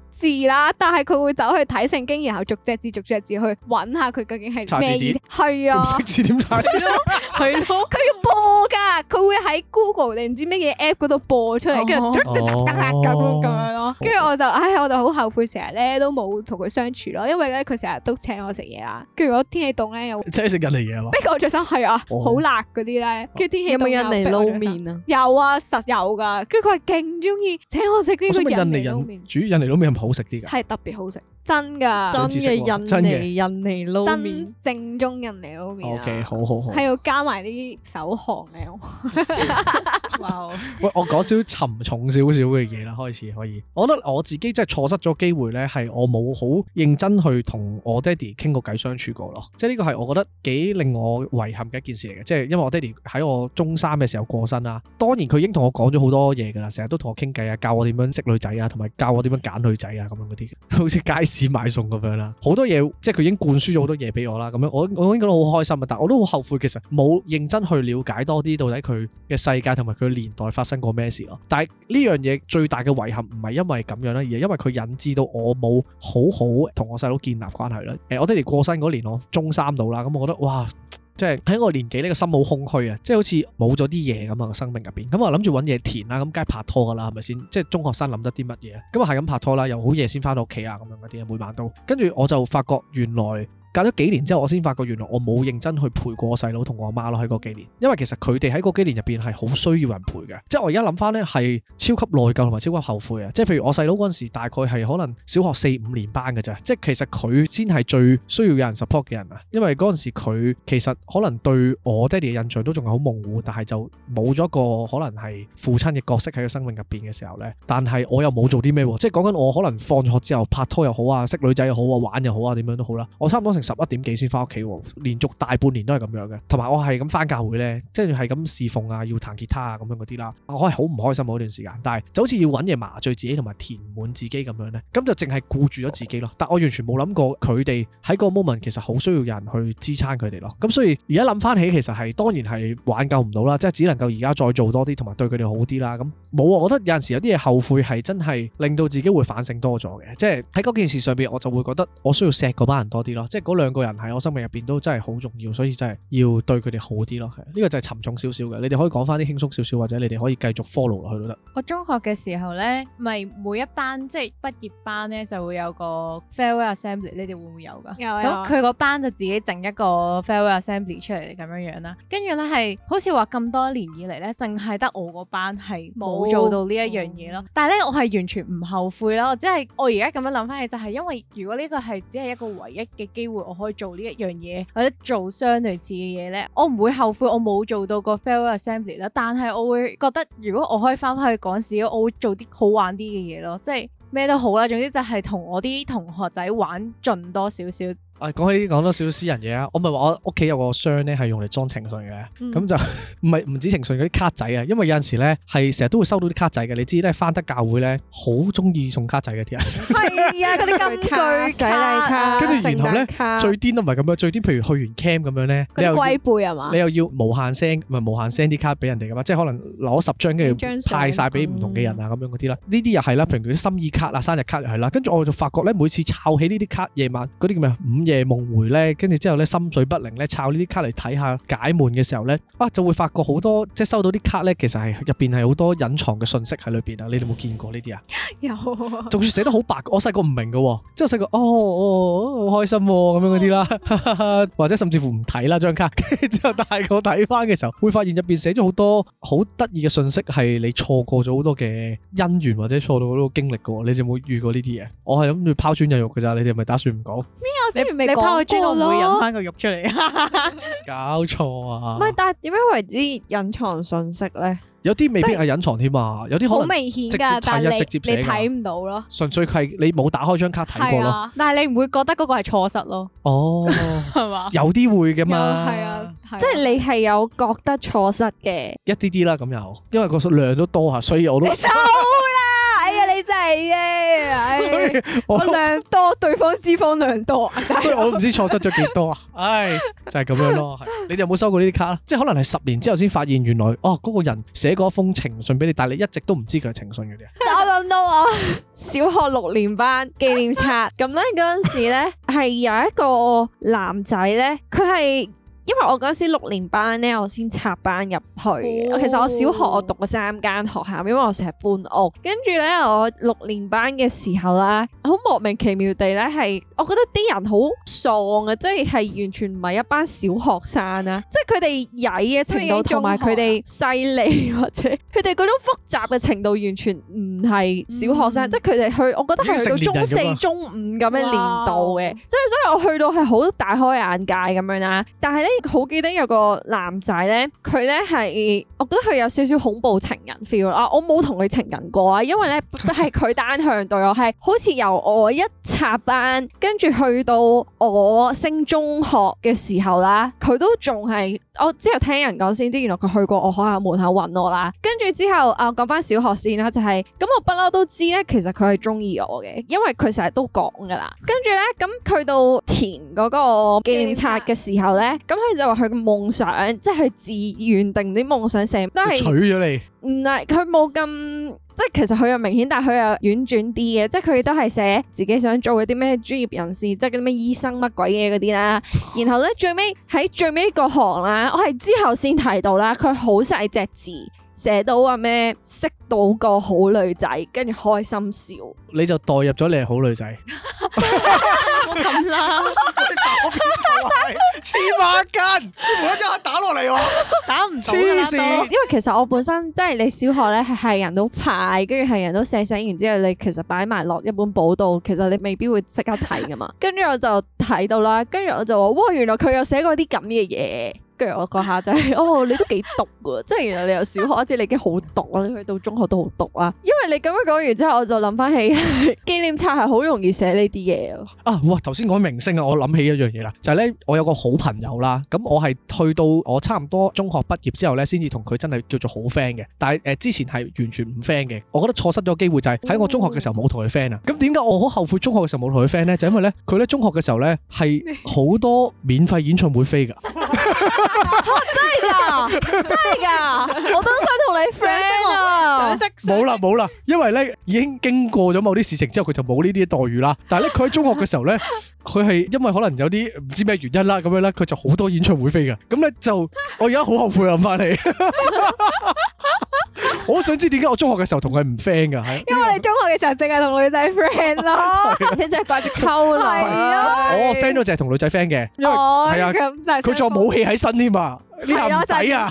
啦，但係佢會走去睇聖經，然後逐隻字逐隻字去揾下佢究竟係咩意思？係啊，字點查字咯，佢要播噶，佢會喺 Google 定唔知咩嘢 app 嗰度播出嚟，跟住咁咁樣咯。跟住我就唉，我就好後悔成日咧都冇同佢相處咯，因為咧佢成日都請我食嘢啊。跟住我天氣凍咧又請食印尼嘢啊？逼我着衫係啊，好辣嗰啲咧。跟住天氣凍又撈麵啊？有啊，實有噶。跟住佢係勁中意請我食呢個印尼人煮印尼撈麵，食啲噶，係特別好食，真噶，啊、真嘅的印尼印尼撈麵真正宗印尼撈麵啊 OK 好好好，係要加埋啲手行嘅。 哇 喂，我講少沉重少少嘅嘢啦，開始可以。我覺得我自己真係錯失咗機會咧，係我冇好認真去同我爹哋傾過偈，相處過咯。即係呢個係我覺得幾令我遺憾嘅一件事嚟嘅。即係因為我爹哋喺我中三嘅時候過身啦，當然佢已經同我講咗好多嘢噶啦，成日都同我傾偈啊，教我點樣識女仔啊，同埋教我點樣揀女仔。啊，咁樣啲，好似街市買餸咁樣啦，好多嘢，即係佢已經灌輸咗好多嘢俾我啦。咁樣，我我已經覺得好開心啊，但係我都好後悔，其實冇認真去了解多啲到底佢嘅世界同埋佢年代發生過咩事咯。但係呢樣嘢最大嘅遺憾唔係因為咁樣啦，而係因為佢引致到我冇好好同我細佬建立關係啦。誒，我爹哋過身嗰年，我中三度啦，咁我覺得哇。即係喺我年紀呢個心好空虛啊，即係好似冇咗啲嘢咁啊，生命入邊咁我諗住揾嘢填啦，咁梗係拍拖噶啦，係咪先？即係中學生諗得啲乜嘢？咁啊係咁拍拖啦，又好夜先翻到屋企啊，咁樣嗰啲啊每晚都。跟住我就發覺原來。隔咗幾年之後，我先發覺原來我冇認真去陪過我細佬同我媽落去嗰幾年，因為其實佢哋喺嗰幾年入邊係好需要人陪嘅。即係我而家諗翻呢，係超級內疚同埋超級後悔啊！即係譬如我細佬嗰陣時，大概係可能小學四五年班嘅啫，即係其實佢先係最需要有人 support 嘅人啊。因為嗰陣時佢其實可能對我爹 a 嘅印象都仲係好模糊，但係就冇咗個可能係父親嘅角色喺佢生命入邊嘅時候呢。但係我又冇做啲咩喎，即係講緊我可能放學之後拍拖又好啊，識女仔又好啊，玩又好啊，點樣都好啦。我差唔多成。十一點幾先翻屋企喎，連續大半年都係咁樣嘅，同埋我係咁翻教會呢，即係係咁侍奉啊，要彈吉他啊咁樣嗰啲啦，我係好唔開心嗰段時間，但係就好似要揾嘢麻醉自己同埋填滿自己咁樣呢。咁就淨係顧住咗自己咯。但我完全冇諗過佢哋喺個 moment 其實好需要人去支撐佢哋咯。咁所以而家諗翻起，其實係當然係挽救唔到啦，即係只能夠而家再做多啲同埋對佢哋好啲啦。咁冇啊，我覺得有陣時有啲嘢後悔係真係令到自己會反省多咗嘅，即係喺嗰件事上邊，我就會覺得我需要錫嗰班人多啲咯，即係嗰。兩個人喺我生命入邊都真係好重要，所以真係要對佢哋好啲咯。呢、這個就係沉重少少嘅，你哋可以講翻啲輕鬆少少，或者你哋可以繼續 follow 落去都得。我中學嘅時候咧，咪每一班即係畢業班咧就會有個 farewell assembly，你哋會唔會有噶？有咁佢個班就自己整一個 farewell assembly 出嚟咁樣樣啦。跟住咧係好似話咁多年以嚟咧，淨係得我個班係冇做到呢一樣嘢咯。嗯、但係咧我係完全唔後悔咯，我只係我而家咁樣諗翻起就係因為如果呢個係只係一個唯一嘅機會。我可以做呢一樣嘢，或者做相類似嘅嘢咧，我唔會後悔我冇做到個 farewell assembly 啦。但係我會覺得，如果我可以翻返去講笑，我會做啲好玩啲嘅嘢咯。即係咩都好啦，總之就係同我啲同學仔玩盡多少少。啊，講起講多少少私人嘢啊，我咪話我屋企有個箱咧，係用嚟裝情信嘅，咁、嗯、就唔係唔止情信嗰啲卡仔啊，因為有陣時咧係成日都會收到啲卡仔嘅，你知都係返得教會咧好中意送卡仔嘅啲人，係啊呀，嗰啲 金句卡、禮卡，跟住然後咧最癲都唔係咁啊，最癲譬如去完 camp 咁樣咧，你又要歸背呀嘛，你又要無限 send 唔係無限 send 啲卡俾人哋嘅嘛，即係可能攞十張跟住派晒俾唔同嘅人啊咁張樣嗰啲啦，呢啲又係啦，譬如啲心意卡啊、生日卡又係啦，跟住我就發覺咧每次抄起呢啲卡，夜晚嗰啲叫咩五夜夢回咧，跟住之後咧，心緒不寧咧，抄呢啲卡嚟睇下解悶嘅時候咧，啊就會發覺好多即係收到啲卡咧，其實係入邊係好多隱藏嘅信息喺裏邊啊！你哋有冇見過呢啲啊？有，仲要寫得好白，我細個唔明嘅，哦，即係我細個哦，哦，哦，哦好開心咁，哦、樣嗰啲啦，哦、 或者甚至乎唔睇啦，張卡，跟住之後大個睇翻嘅時候，會發現入邊寫咗好多好得意嘅信息，係你錯過咗好多嘅姻緣或者錯過好多經歷嘅，哦。你哋有冇遇過呢啲嘢？我係諗住拋磚引玉嘅咋，你哋係咪打算唔講？你怕我轉我唔會飲翻個肉出嚟啊？搞錯啊！唔係，但係點樣為之隱藏信息咧？有啲未必係隱藏添啊，有啲好明顯噶，但係直接你睇唔到咯。純粹係你冇打開張卡睇過咯。但係你唔會覺得嗰個係錯失咯？哦，係吧嘛？有啲會噶嘛？係啊，即係、啊啊、你係有覺得錯失嘅一啲啲啦。咁又因為個量都多吓，所以我都。 真係耶！我量多，對方脂肪量多，所以我唔知錯失咗幾多啊！唉、 哎，就係、係、咁樣咯。你哋有冇收過呢啲卡啊？即係可能係十年之後先發現原來哦，嗰、嗰個人寫過一封情信俾你，但係你一直都唔知佢係情信嗰啲啊！我諗到我小學六年班紀念冊，咁咧嗰陣時咧係有一個男仔咧，佢係。因為我嗰陣時六年班咧，我先插班入去嘅。其實我小學我讀過三間學校，因為我成日搬屋。跟住咧，我六年班嘅時候啦，好莫名其妙地咧，係我覺得啲人好喪啊，即係係完全唔係一班小學生啊，即係佢哋曳嘅程度同埋佢哋犀利，或者佢哋嗰種複雜嘅程度，完全唔係小學生，嗯、即係佢哋去，我覺得係去到中四中五咁嘅年度嘅，即係所以我去到係好大開眼界咁樣啦。但係咧。好記得有個男仔咧，佢咧係，我覺得佢有少少恐怖情人 feel 啊！我冇同佢情人過啊，因為咧係佢單向對我，係好似由我一插班，跟住去到我升中學嘅時候啦，佢都仲係我之後聽人講先知，原來佢去過我學校門口搵我啦。跟住之後啊，我講返小學先啦，就係、是、咁，我不嬲都知咧，其實佢係中意我嘅，因為佢成日都講噶啦。跟住咧，咁去到填嗰個紀念冊嘅時候咧，咁察。佢就話佢個夢想，即係佢自願定啲夢想寫，都係取咗你。唔係佢冇咁，即係其實佢又明顯，但係佢又婉轉啲嘅。即係佢都係寫自己想做嗰啲咩專業人士，即係嗰啲咩醫生乜鬼嘢嗰啲啦。然後咧最尾喺最尾嗰行啦，我係之後先提到啦，佢好細隻字。寫到話咩識到個好女仔，跟住開心笑，你就代入咗你係好女仔，冇咁難，千百斤，無 啦啦打落嚟， 打唔到， 黐線。因為其實我本身即係你小學咧係人都派，跟住係人都寫醒，完之後你其實擺埋落一本簿度，其實你未必會即刻睇噶嘛。跟住我就睇到啦，跟住我就話，哇，原來佢有寫過啲咁嘅嘢。跟住我講下就係、是、哦，你都幾毒噶，即係原來你由小學開始你已經好毒啊。你去到中學都好毒啊。因為你咁樣講完之後，我就諗翻起紀 念冊係好容易寫呢啲嘢咯。啊，哇！頭先講明星啊，我諗起一樣嘢啦，就係咧，我有個好朋友啦，咁我係去到我差唔多中學畢業之後咧，先至同佢真係叫做好 friend 嘅。但係誒、呃、之前係完全唔 friend 嘅。我覺得錯失咗個機會就係喺我中學嘅時候冇同佢 friend 啊。咁點解我好後悔中學嘅時候冇同佢 friend 咧？就是、因為咧，佢咧中學嘅時候咧係好多免費演唱會飛噶。 真係噶，真係噶，我都想同你 friend 識冇啦冇啦，因為咧已經經過咗某啲事情之後，佢就冇呢啲待遇啦。但係咧，佢喺中學嘅時候咧，佢係 因為可能有啲唔知咩原因啦，咁樣咧，佢就好多演唱會飛噶。咁咧就我而家好後悔諗翻嚟。 我想知點解我中學嘅時候同佢唔 friend 噶，因為我哋中學嘅時候淨係同女仔 friend 咯，真係掛住溝女咯。我 friend 都淨係同女仔 friend 嘅，因為係啊，佢仲有武器喺身添啊，呢下仔啊。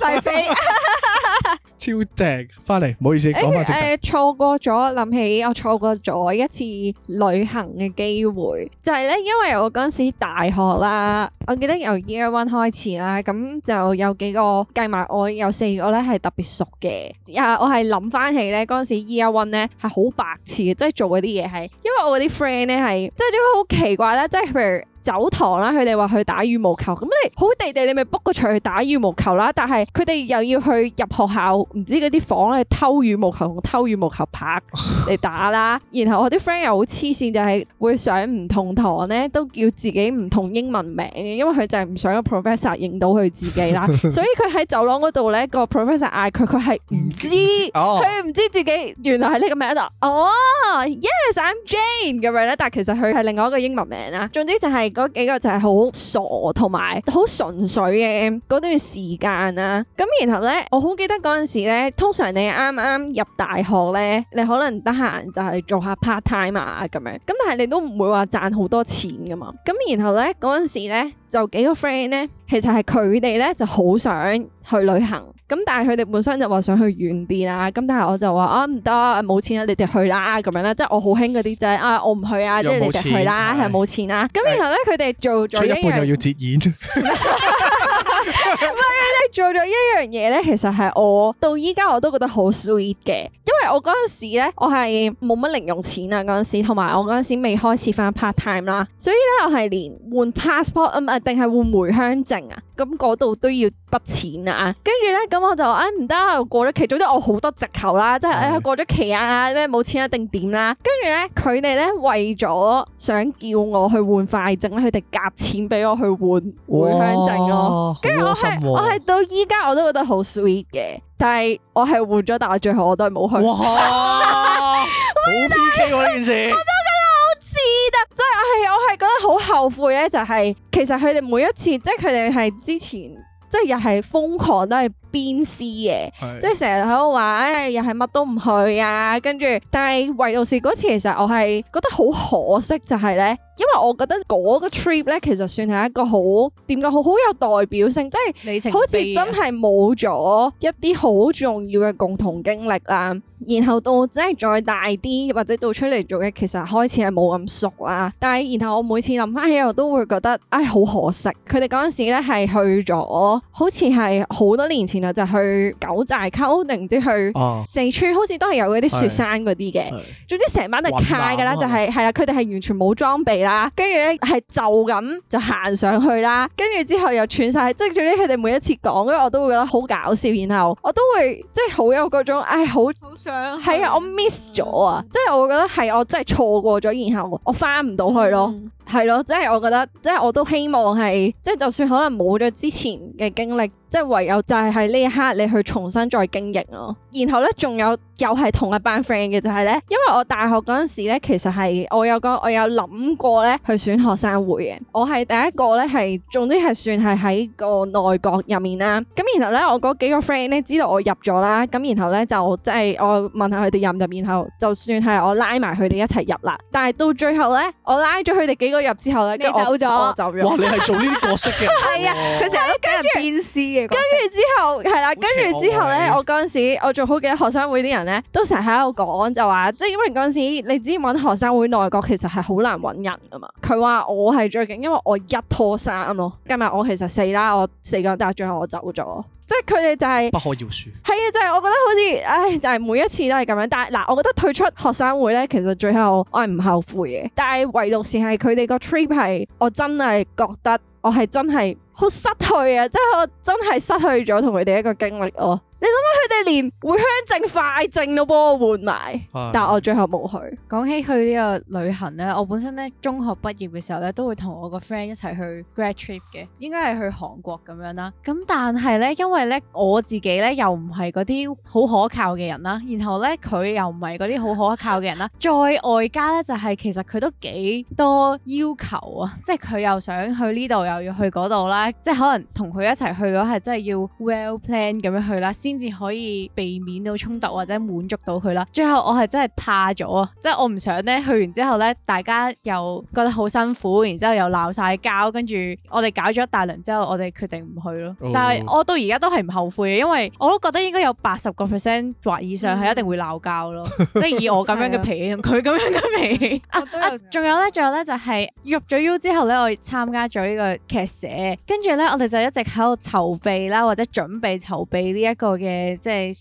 超正，翻嚟，唔好意思，講翻。誒，錯過咗，諗起，我錯過咗一次旅行嘅機會，就係咧，因為我嗰時大學啦，我記得由 year one 開始啦，咁就有幾個計埋我有四個咧係特別熟嘅。又我係諗翻起咧，嗰時 year one 咧係好白痴嘅，即係做嗰啲嘢係，因為我啲 friend 咧係，即係一種好奇怪咧，即係譬如。走堂啦，佢哋話去打羽毛球，咁你好地地，你咪 book 個場去打羽毛球啦。但係佢哋又要去入學校，唔知嗰啲房去偷羽毛球同偷羽毛球拍嚟打啦。 然後我啲 friend 又好黐線，就係、是、會上唔同堂咧，都叫自己唔同英文名嘅，因為佢就係唔想個 professor 認到佢自己啦。 所以佢喺走廊嗰度咧，個 professor 嗌佢，佢係唔知，佢唔 知自己原來係呢個名度。哦，yes，I'm Jane 咁樣咧，但係其實佢係另外一個英文名啦。總之就係、是。嗰幾個就係好傻同埋好純粹嘅嗰段時間啦啊。咁然後咧，我好記得嗰陣時咧，通常你啱啱入大學咧，你可能得閒就係做下 part time 啊，咁樣，咁但係你都唔會話賺好多錢噶嘛，咁然後咧嗰陣時咧。就幾個 friend 咧，其實係佢哋咧就好想去旅行，咁但係佢哋本身就話想去遠啲啦，咁但係我就話啊唔得，冇錢啊，你哋去啦咁樣啦，即係我好興嗰啲啫，啊我唔去啊，即係你哋去啦，係冇錢啊，咁然後咧佢哋做咗一,一半又要截演，唔係，即係做咗一樣嘢咧，其實係我到依家我都覺得好 sweet 嘅。我嗰陣時咧，我係冇乜零用錢啊，嗰陣時同埋我嗰陣時未開始返 part time 啦，所以咧我係連換 passport 唔，誒定係換回鄉證啊，嗰度都要。筆錢啊，跟住咧，咁我就誒唔得啊，哎、我過咗期，總之我好多藉口啦，即係誒的過咗期啊，咩冇錢一、啊、定點啦、啊。跟住咧，佢哋咧為咗想叫我去換快證咧，佢哋夾錢俾我去換回鄉證咯。跟住、啊、哇我係、啊、我係到依家我都覺得好 sweet 嘅，但係我係換咗，但係最後我都係冇去。哇， 是好 P K 呢、啊、 是件事，我都覺得好值得。即係我係我係覺得好後悔咧、就是，就係其實佢哋每一次，即係佢哋係之前。即係又係瘋狂都係。邊絲嘅，的即係成日喺度話，唉、哎，又係乜都唔去啊，跟住，但係唯獨是嗰次，其實我係覺得好可惜，就係咧，因為我覺得嗰個 trip 咧，其實算係一個好點解好好有代表性，即係好似真係冇咗一啲好重要嘅共同經歷啦。啊、然後到即係再大啲，或者到出嚟做嘢，其實開始係冇咁熟啦、啊。但係然後我每次諗翻起，我都會覺得，唉、哎，好可惜。佢哋嗰陣時咧係去咗，好似係好多年前。然後就去九寨溝，定即去成川，好似都係有嗰啲雪山嗰啲嘅。啊、總之成班係卡噶啦、就是，就係係啦，佢哋係完全冇裝備啦，跟住咧係就咁就行上去啦，跟住之後又串晒。即係，總之佢哋每一次講，因為我都會覺得好搞笑，然後我都會即係好有嗰種唉，好、哎、好想係啊，我 miss 咗啊，即係、嗯、我會覺得係我真係錯過咗，然後我翻唔到去咯。嗯係咯，即係我覺得，即係我都希望係，即係就算可能冇咗之前嘅經歷，即係唯有就係喺呢一刻你去重新再經營咯、喔，然後呢，仲有。又係同一班 friend 嘅，就係咧，因為我大學嗰陣時咧，其實係我有個，我有諗過咧去選學生會嘅。我係第一個咧，係總之係算係喺個內閣入面啦。咁然後咧，我嗰幾個 friend 咧知道我入咗啦。咁然後咧就即係、就是、我問下佢哋入唔入，然後就算係我拉埋佢哋一齊入啦。但係到最後咧，我拉咗佢哋幾個入之後咧，你走咗，我走咗。哇！你係做呢啲角色嘅，係啊，佢成日都俾人編詩嘅。跟住之後係啦，跟住之後咧，我嗰陣時我做好幾學生會啲人咧。都成日喺度講就話，即係因為嗰陣時你知揾學生會內閣，其實係好難揾人噶嘛。佢話我係最勁，因為我一拖三咯。今日我其實四啦，我四個，但係最後我走咗。即係佢哋就係、是、不可饒恕。係啊，就係、是、我覺得好似，唉，就係、是、每一次都係咁樣。但係嗱，我覺得退出學生會咧，其實最後我係唔後悔嘅。但係唯獨是係佢哋個 trip 係，我真係覺得我係真係。好失去啊！即係我真係失去咗同佢哋一個經歷咯、哦。你諗下佢哋連回鄉證、快證都幫我換埋，但係我最後冇去。講起去呢個旅行咧，我本身咧中學畢業嘅時候咧都會同我個 friend 一齊去 grad trip 嘅，應該係去韓國咁樣啦。咁但係咧，因為咧我自己咧又唔係嗰啲好可靠嘅人啦，然後咧佢又唔係嗰啲好可靠嘅人啦，再 外加咧就係、是、其實佢都幾多要求啊，即係佢又想去呢度，又要去嗰度啦。即係可能同佢一齊去嘅話係真係要 well plan 咁樣去啦，先至可以避免到衝突或者滿足到佢啦。最後我係真係怕咗啊，即係我唔想咧去完之後咧，大家又覺得好辛苦，然之後又鬧晒交，跟住我哋搞咗一大輪之後，我哋決定唔去咯。Oh. 但係我到而家都係唔後悔，因為我都覺得應該有八十個 percent 或以上係一定會鬧交咯。 即係以我咁樣嘅脾氣，佢咁 樣嘅脾氣仲有咧，仲、啊、有咧就係、是、入咗 U 之後咧，我參加咗呢個劇社。跟住咧，我哋就一直喺度籌備啦，或者準備籌備呢一個嘅，即係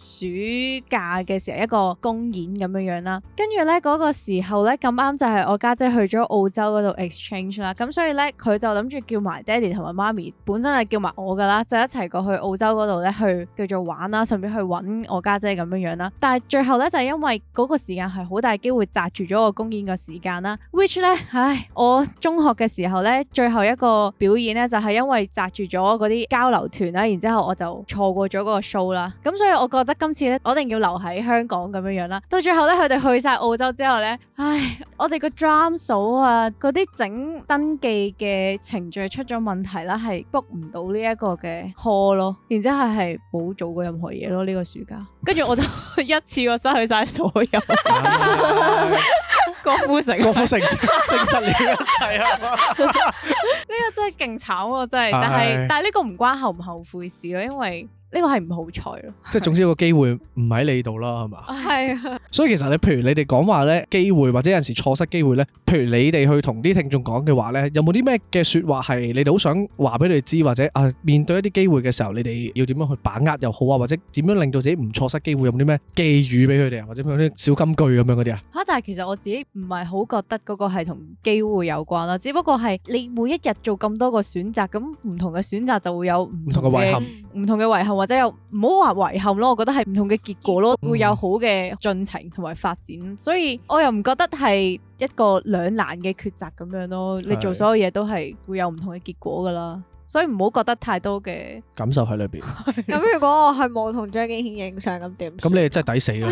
暑假嘅時候一個公演咁樣樣啦。跟住咧個時候咧，咁啱就係我家姐去咗澳洲度 exchange 啦，咁所以咧佢就諗住叫埋爹哋同埋媽咪，本身係叫埋我噶啦，就一齊過去澳洲嗰度咧去叫做玩啦，順便去搵我家姐咁樣樣啦。但係最後咧就係、是、因為嗰個時間係好大機會砸住咗個公演嘅時間啦，which 咧唉，我中學嘅時候咧最後一個表演咧就係因為。扎住咗嗰啲交流團啦，然之後我就錯過咗嗰個 show 啦。咁所以我覺得今次咧，我一定要留喺香港咁樣樣啦。到最後咧，佢哋去晒澳洲之後咧，唉，我哋個 drum 數啊，嗰啲整登記嘅程序出咗問題啦，係 book 唔到呢一個嘅課咯。然之後係冇做過任何嘢咯，呢個暑假。跟住我就 一次過失去晒所有。 郭富城，是是郭富城正，證實你一切係嘛？呢 個真係勁慘喎！真係是的，但係但係呢個唔關後唔後悔事囉，因為。呢個係唔好彩咯，即係總之個機會唔喺你度啦，係嘛？係啊。所以其實你，譬如你哋講話咧，機會或者有陣時錯失機會咧，譬如你哋去同啲聽眾講嘅話咧，有冇啲咩嘅説話係你哋好想話俾佢哋知，或者啊面對一啲機會嘅時候，你哋要點樣去把握又好啊，或者點樣令到自己唔錯失機會，有冇啲咩寄語俾佢哋啊，或者咩小金句咁樣嗰啲啊？嚇！但係其實我自己唔係好覺得嗰個係同機會有關啦，只不過係你每一日做咁多個選擇，咁唔同嘅選擇就會有唔同嘅遺憾，唔同嘅遺憾啊。或者又唔好話遺憾咯，我覺得係唔同嘅結果咯，會有好嘅進程同埋發展，所以我又唔覺得係一個兩難嘅抉擇咁樣咯。你做所有嘢都係會有唔同嘅結果噶啦，所以唔好覺得太多嘅感受喺裏邊。咁如果我係冇同張敬軒影相咁點？咁你真係抵死噶，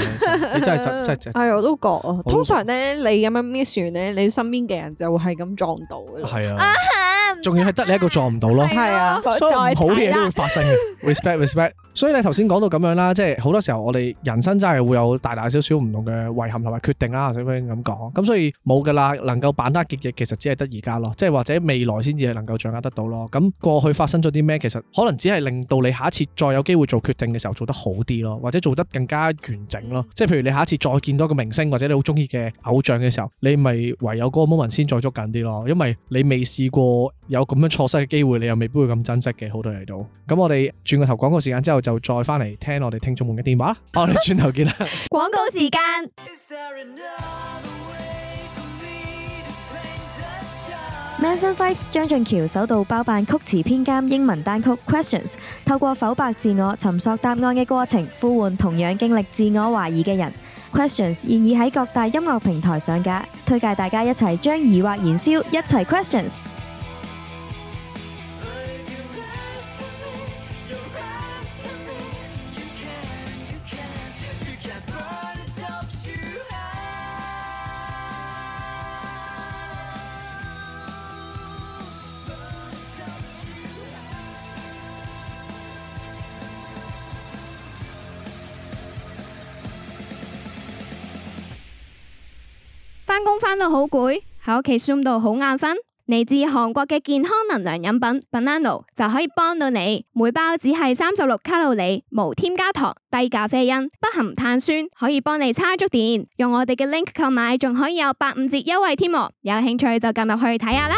你真係真係。哎呀，我都覺啊。通常咧，你咁樣 miss 船咧，你身邊嘅人就會係咁撞到噶啦。係啊。仲要係得你一個做唔到咯，係啊的，所以唔好嘅嘢，都會發生嘅，respect，respect。 respect, respect. 所以你頭先講到咁樣啦，即係好多時候我哋人生真係會有大大少少唔同嘅遺憾同埋決定啊，小彬咁講。咁所以冇噶啦，能夠把握嘅嘢，其實只係得而家咯，即係或者未來先至係能夠掌握得到咯。咁過去發生咗啲咩，其實可能只係令到你下一次再有機會做決定嘅時候做得好啲咯，或者做得更加完整咯。即係譬如你下一次再見多個明星或者你好中意嘅偶像嘅時候，你咪唯有嗰個 moment 先再捉緊啲咯，因為你未試過。有咁樣錯失嘅機會，你又未必會咁珍惜嘅，好多嘢都。咁我哋轉個頭，廣告時間之後，就再翻嚟聽我哋聽眾們嘅電話。我哋轉頭見啦。廣告時間。mansonvibes 張俊橋首度包辦曲詞編監英文單曲《Questions》，透過剖白自我、尋索答案嘅過程，呼喚同樣經歷自我懷疑嘅人。《Questions》現已喺各大音樂平台上架，推介大家一齊將疑惑燃燒，一齊《Questions》。返工返到好攰，喺屋企酸到好眼瞓。嚟自韓國嘅健康能量飲品 Banano 就可以幫到你，每包只係三十六卡路里，無添加糖，低咖啡因，不含碳酸，可以幫你叉足電。用我哋嘅 link 購買仲可以有八五折優惠添喎，有興趣就撳入去睇下啦。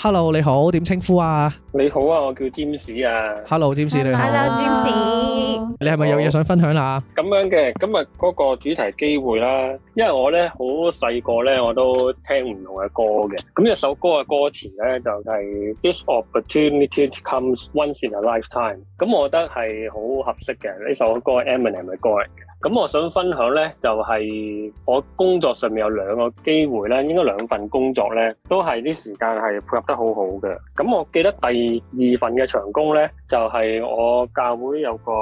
Hello，你好，點稱呼啊？你好啊，我叫 James 啊。Hello，James，你好。Hello，James。你係咪有嘢、oh, 想分享下？咁樣嘅，今日嗰個主題機會啦，因為我咧好細個咧，我都聽唔同嘅歌嘅。咁一首歌嘅歌詞咧就係、是、This opportunity comes once in a lifetime，咁我覺得係好合適嘅。呢首歌，Eminem、e、咪歌嚟咁我想分享呢，就係我工作上面有兩個機會呢，應該兩份工作呢都係啲時間係配合得好好嘅。咁我記得第二份嘅長工呢，就係我教會有個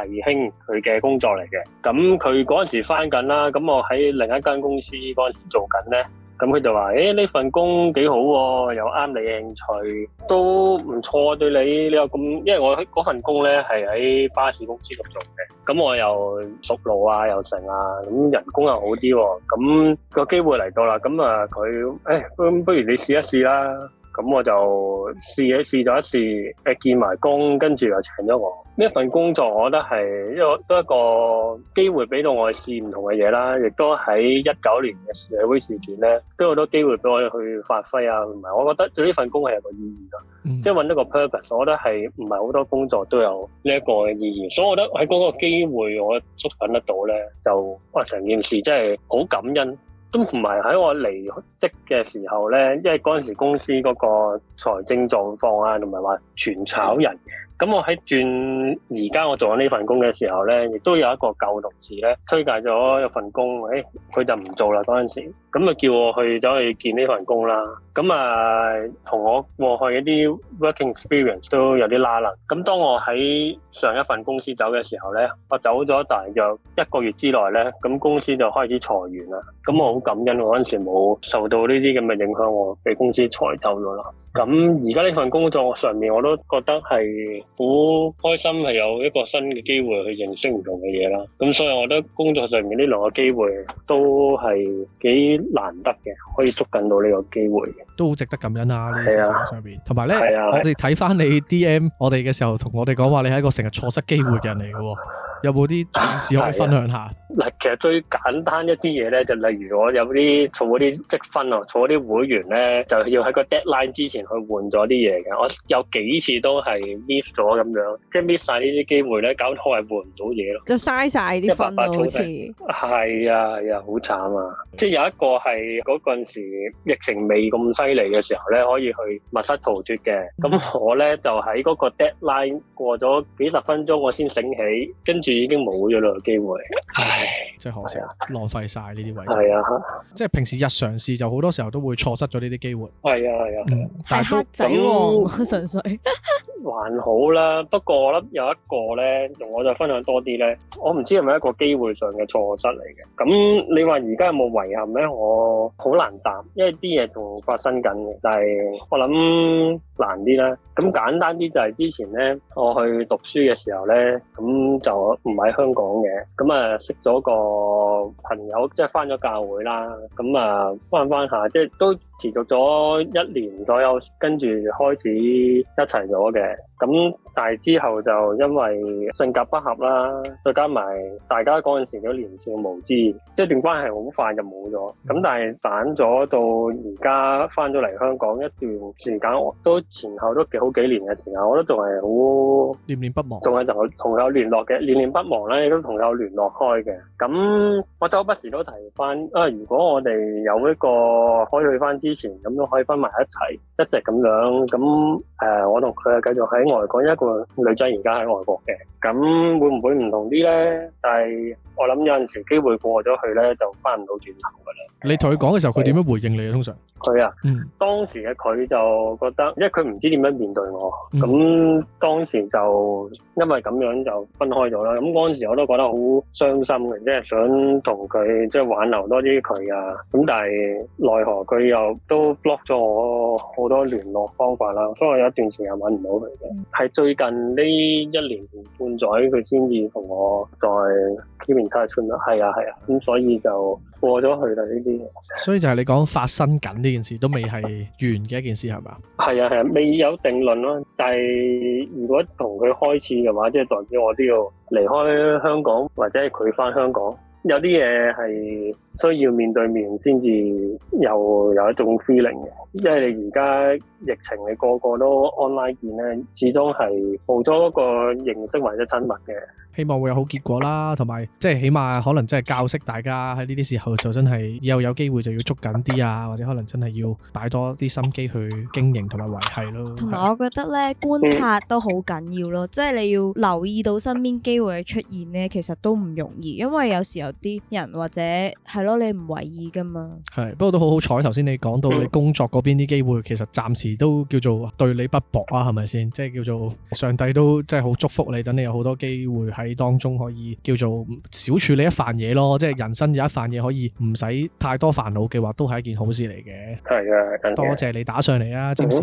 弟兄佢嘅工作嚟嘅。咁佢嗰陣時返緊啦，咁我喺另一間公司嗰陣時做緊呢。咁佢就話，誒呢、欸、份工幾好喎，啊，又啱你嘅興趣，都唔錯對你。你又咁，因為我喺份工咧係喺巴士公司度做嘅，咁我又熟路啊，又成啊，咁人工又好啲，啊，咁、個機會嚟到啦。咁啊，佢、欸、誒，咁不如你試一試啦。咁我就試一試咗一試，誒、呃、見埋工，跟住又請咗我呢一份工作，我覺得係一個都一個機會俾到我試唔同嘅嘢啦，亦都喺一九年嘅社會事件咧，都有好多機會俾我去發揮啊，同埋我覺得對呢份工係有一個意義咯、啊，嗯、即係揾到個 purpose，我覺得係唔係好多工作都有呢一個意義，所以我覺得喺嗰個機會我捉緊得到咧，就哇成件事真係好感恩。咁同埋喺我離職嘅時候咧，因為嗰陣時公司嗰個財政狀況啊，同埋話全炒人。咁我喺轉而家我做緊呢份工嘅時候咧，亦都有一個舊同事咧推介咗一份工，誒、欸、佢就唔做啦嗰陣時，咁啊叫我去走去見呢份工啦。咁啊同我過去一啲 working experience 都有啲拉啦。咁當我喺上一份公司走嘅時候咧，我走咗大約一個月之內咧，咁公司就開始裁員啦。咁我好感恩嗰陣時冇受到呢啲咁嘅影響，我被公司裁走咗啦。咁而家呢份工作上面我都覺得係。好開心係有一個新嘅機會去認識唔同嘅嘢啦，咁所以我覺得工作上面呢兩個機會都係幾難得嘅，可以捉緊到呢個機會，都好值得感恩啊，呢個事情上邊。同埋咧，啊啊、我哋睇翻你 DM 我哋嘅時候，同我哋講話你係一個成日錯失機會嘅人嚟嘅喎，有冇啲故事可以分享下？嗱，其實最簡單一啲嘢咧，就例如我有啲儲嗰啲積分啊、儲嗰啲會員咧，就要喺個 deadline 之前去換咗啲嘢嘅。我有幾次都係 miss 咗咁樣，即係 miss 晒呢啲機會咧，搞到我係換唔到嘢咯，就嘥晒啲分爸爸好似像。係啊，係啊，好、啊、慘啊！即係有一個係嗰陣時疫情未咁犀利嘅時候咧，可以去密室逃脱嘅。咁我咧就喺嗰個 deadline 過咗幾十分鐘，我先醒起，跟住已經冇咗兩個機會。 真係可惜啊，浪費晒呢啲位。係啊，即係平時日常事，就好多時候都會錯失咗呢啲機會。係啊係啊，但係都黑仔喎，純粹 還好啦。不過我諗有一個咧，同我就分享多啲咧，我唔知係咪一個機會上嘅錯失嚟嘅。咁你話而家有冇遺憾咧？我好難答，因為啲嘢仲發生緊嘅。但係我諗難啲咧。咁簡單啲就係之前咧，我去讀書嘅時候咧，咁就唔喺香港嘅，咁啊識咗個朋友，即係返咗教會啦，咁啊返返下，即係都，持續咗一年左右，跟住開始一齊咗嘅。咁但係之後就因為性格不合啦，再加埋大家嗰陣時嘅年少無知，即係段關係好快就冇咗。咁但係散咗到而家翻咗嚟香港一段時間，都前後都幾好幾年嘅時間，我都仲係好念念不忘，仲係同佢同佢聯絡嘅，念念不忘咧，亦都同佢聯絡開嘅。咁我周不時都提翻啊，如果我哋有一個可以去翻之前咁都可以分埋一齊，一直咁樣咁誒、呃，我同佢繼續喺外國，一個女仔而家喺外國嘅，咁會唔會唔同啲咧？但係我諗有陣時機會過咗去咧，就翻唔到轉頭噶啦。你同佢講嘅時候，佢點、嗯、樣回應你啊？通常佢啊，嗯、當時嘅佢就覺得，因為佢唔知點樣面對我，咁、嗯、當時就因為咁樣就分開咗啦。咁嗰陣時我都覺得好傷心嘅，即係想同佢即係挽留多啲佢啊。咁但係奈何佢又～都 block 咗我好多聯絡方法啦，所以我有一段時間揾唔到佢嘅。係最近呢一年半載，佢先至同我再聯繫上啦。係啊，係啊，咁所以就過咗去啦呢啲。所以就係你講發生緊呢件事都未係完嘅一件事係嗎？係 吧啊，係啊，未有定論咯。但係如果同佢開始嘅話，即係代表我都要離開香港，或者係佢返香港。有啲嘢係需要面對面先至又有一種 feeling 嘅，因為你而家疫情你個個都 online 見咧，始終係冇咗一個認識或者親密嘅。希望會有好結果啦，同埋即係起碼可能真係教識大家喺呢啲時候就真係以後有機會就要捉緊啲啊，或者可能真係要擺多啲心機去經營同埋維繫咯。同埋我覺得呢，是觀察都好緊要咯，即係你要留意到身邊機會嘅出現呢，其實都唔容易，因為有時候啲人或者係咯你唔為意噶嘛。係，不過都好好彩，頭先你講到你工作嗰邊啲機會，其實暫時都叫做對你不薄啊，係咪先？即係叫做上帝都即係好祝福你，等你有好多機會喺。你當中可以叫做少處理一份嘢咯，即係人生有一份嘢可以唔使太多煩惱嘅話，都係一件好事嚟嘅。係啊，多謝你打上嚟啊，占士，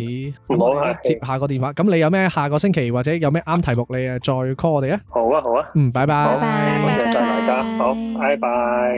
我接下個電話。咁你有咩下個星期或者有咩啱題目，你啊再 call 我哋啊。好啊，好啊。嗯，拜拜，拜拜，多謝大家，好，拜拜。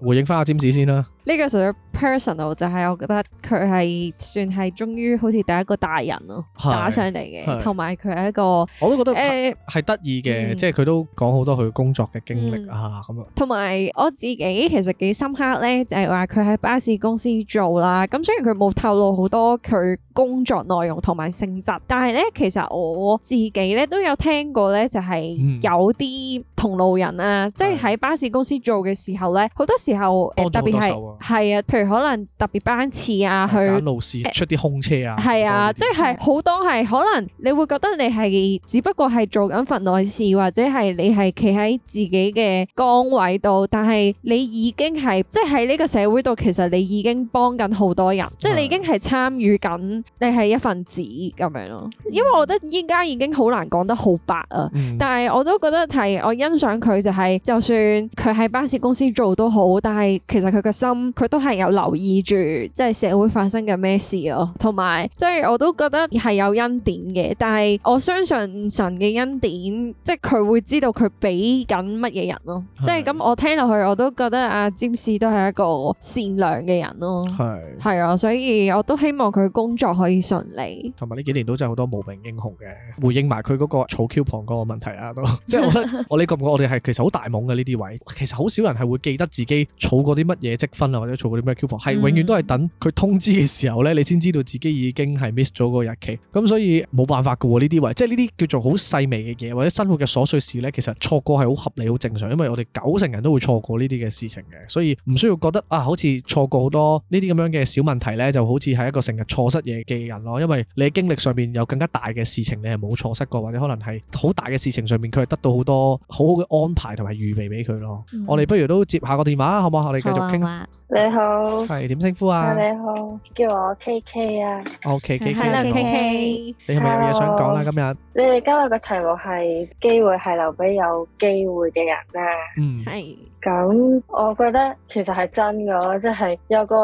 回應翻阿占士先啦。呢個。personal 就係我覺得佢係算係終於好似第一個大人咯打上嚟嘅，同埋佢係一個我都覺得係得意嘅。即係佢都講好多佢工作嘅經歷、嗯、啊咁樣。同埋我自己其實幾深刻咧，就係話佢喺巴士公司做啦。咁雖然佢冇透露好多佢工作內容同埋性質，但係咧其實我自己咧都有聽過咧，就係有啲同路人啊，即係喺巴士公司做嘅時候咧，好多時候的、呃、特別係係啊，譬如。可能特別班次啊，去揀路士，呃、出啲空車啊，係啊，即係好多係可能你會覺得你係只不過係做緊份內事，或者係你係企喺自己嘅崗位度，但係你已經係即係喺呢個社會度，其實你已經幫緊好多人，即係的你已經係參與緊你係一份子咁樣咯。因為我覺得依家已經好難講得好白啊，嗯、但係我都覺得係我欣賞佢就係、是、就算佢喺巴士公司做都好，但係其實佢嘅心佢都係有。留意住即係社會發生嘅咩事咯、啊，同埋即係我都覺得係有恩典嘅，但係我相信神嘅恩典，即係佢會知道佢俾緊乜嘢人咯、啊。是即係咁，我聽落去我都覺得阿占士都係一個善良嘅人咯、啊。係係是啊，所以我都希望佢工作可以順利。同埋呢幾年都真係好多無名英雄嘅回應埋佢嗰個儲 Q 磅嗰個問題啊，都即係我覺得， 我哋覺唔覺得我哋係其實好大懵嘅呢啲位，其實好少人係會記得自己儲過啲乜嘢積分啊，或者儲過啲咩 Q 磅。係永遠都係等佢通知嘅時候咧，你先知道自己已經係 miss 咗個日期。咁所以冇辦法噶喎，呢啲位即係呢啲叫做好細微嘅嘢，或者生活嘅瑣碎事咧，其實錯過係好合理、好正常。因為我哋九成人都會錯過呢啲嘅事情嘅，所以唔需要覺得啊，好似錯過好多呢啲咁樣嘅小問題咧，就好似係一個成日錯失嘢嘅人咯。因為你喺經歷上面有更加大嘅事情，你係冇錯失過，或者可能係好大嘅事情上面佢係得到好多好好嘅安排同埋預備俾佢咯。嗯、我哋不如都接下個電話，好唔好？我哋繼續傾。好嗎啊、你好。係點稱呼啊？Hello, 你好，叫我 KK、啊、okay, K K 啊。好 K K K，你好 K K。你係咪有冇嘢想講啦、啊？Hello, 今日天你哋今日嘅題目係機會係留俾有機會嘅人啦、啊。嗯，係。咁 我覺得其實係真噶，即、就、係、是、有個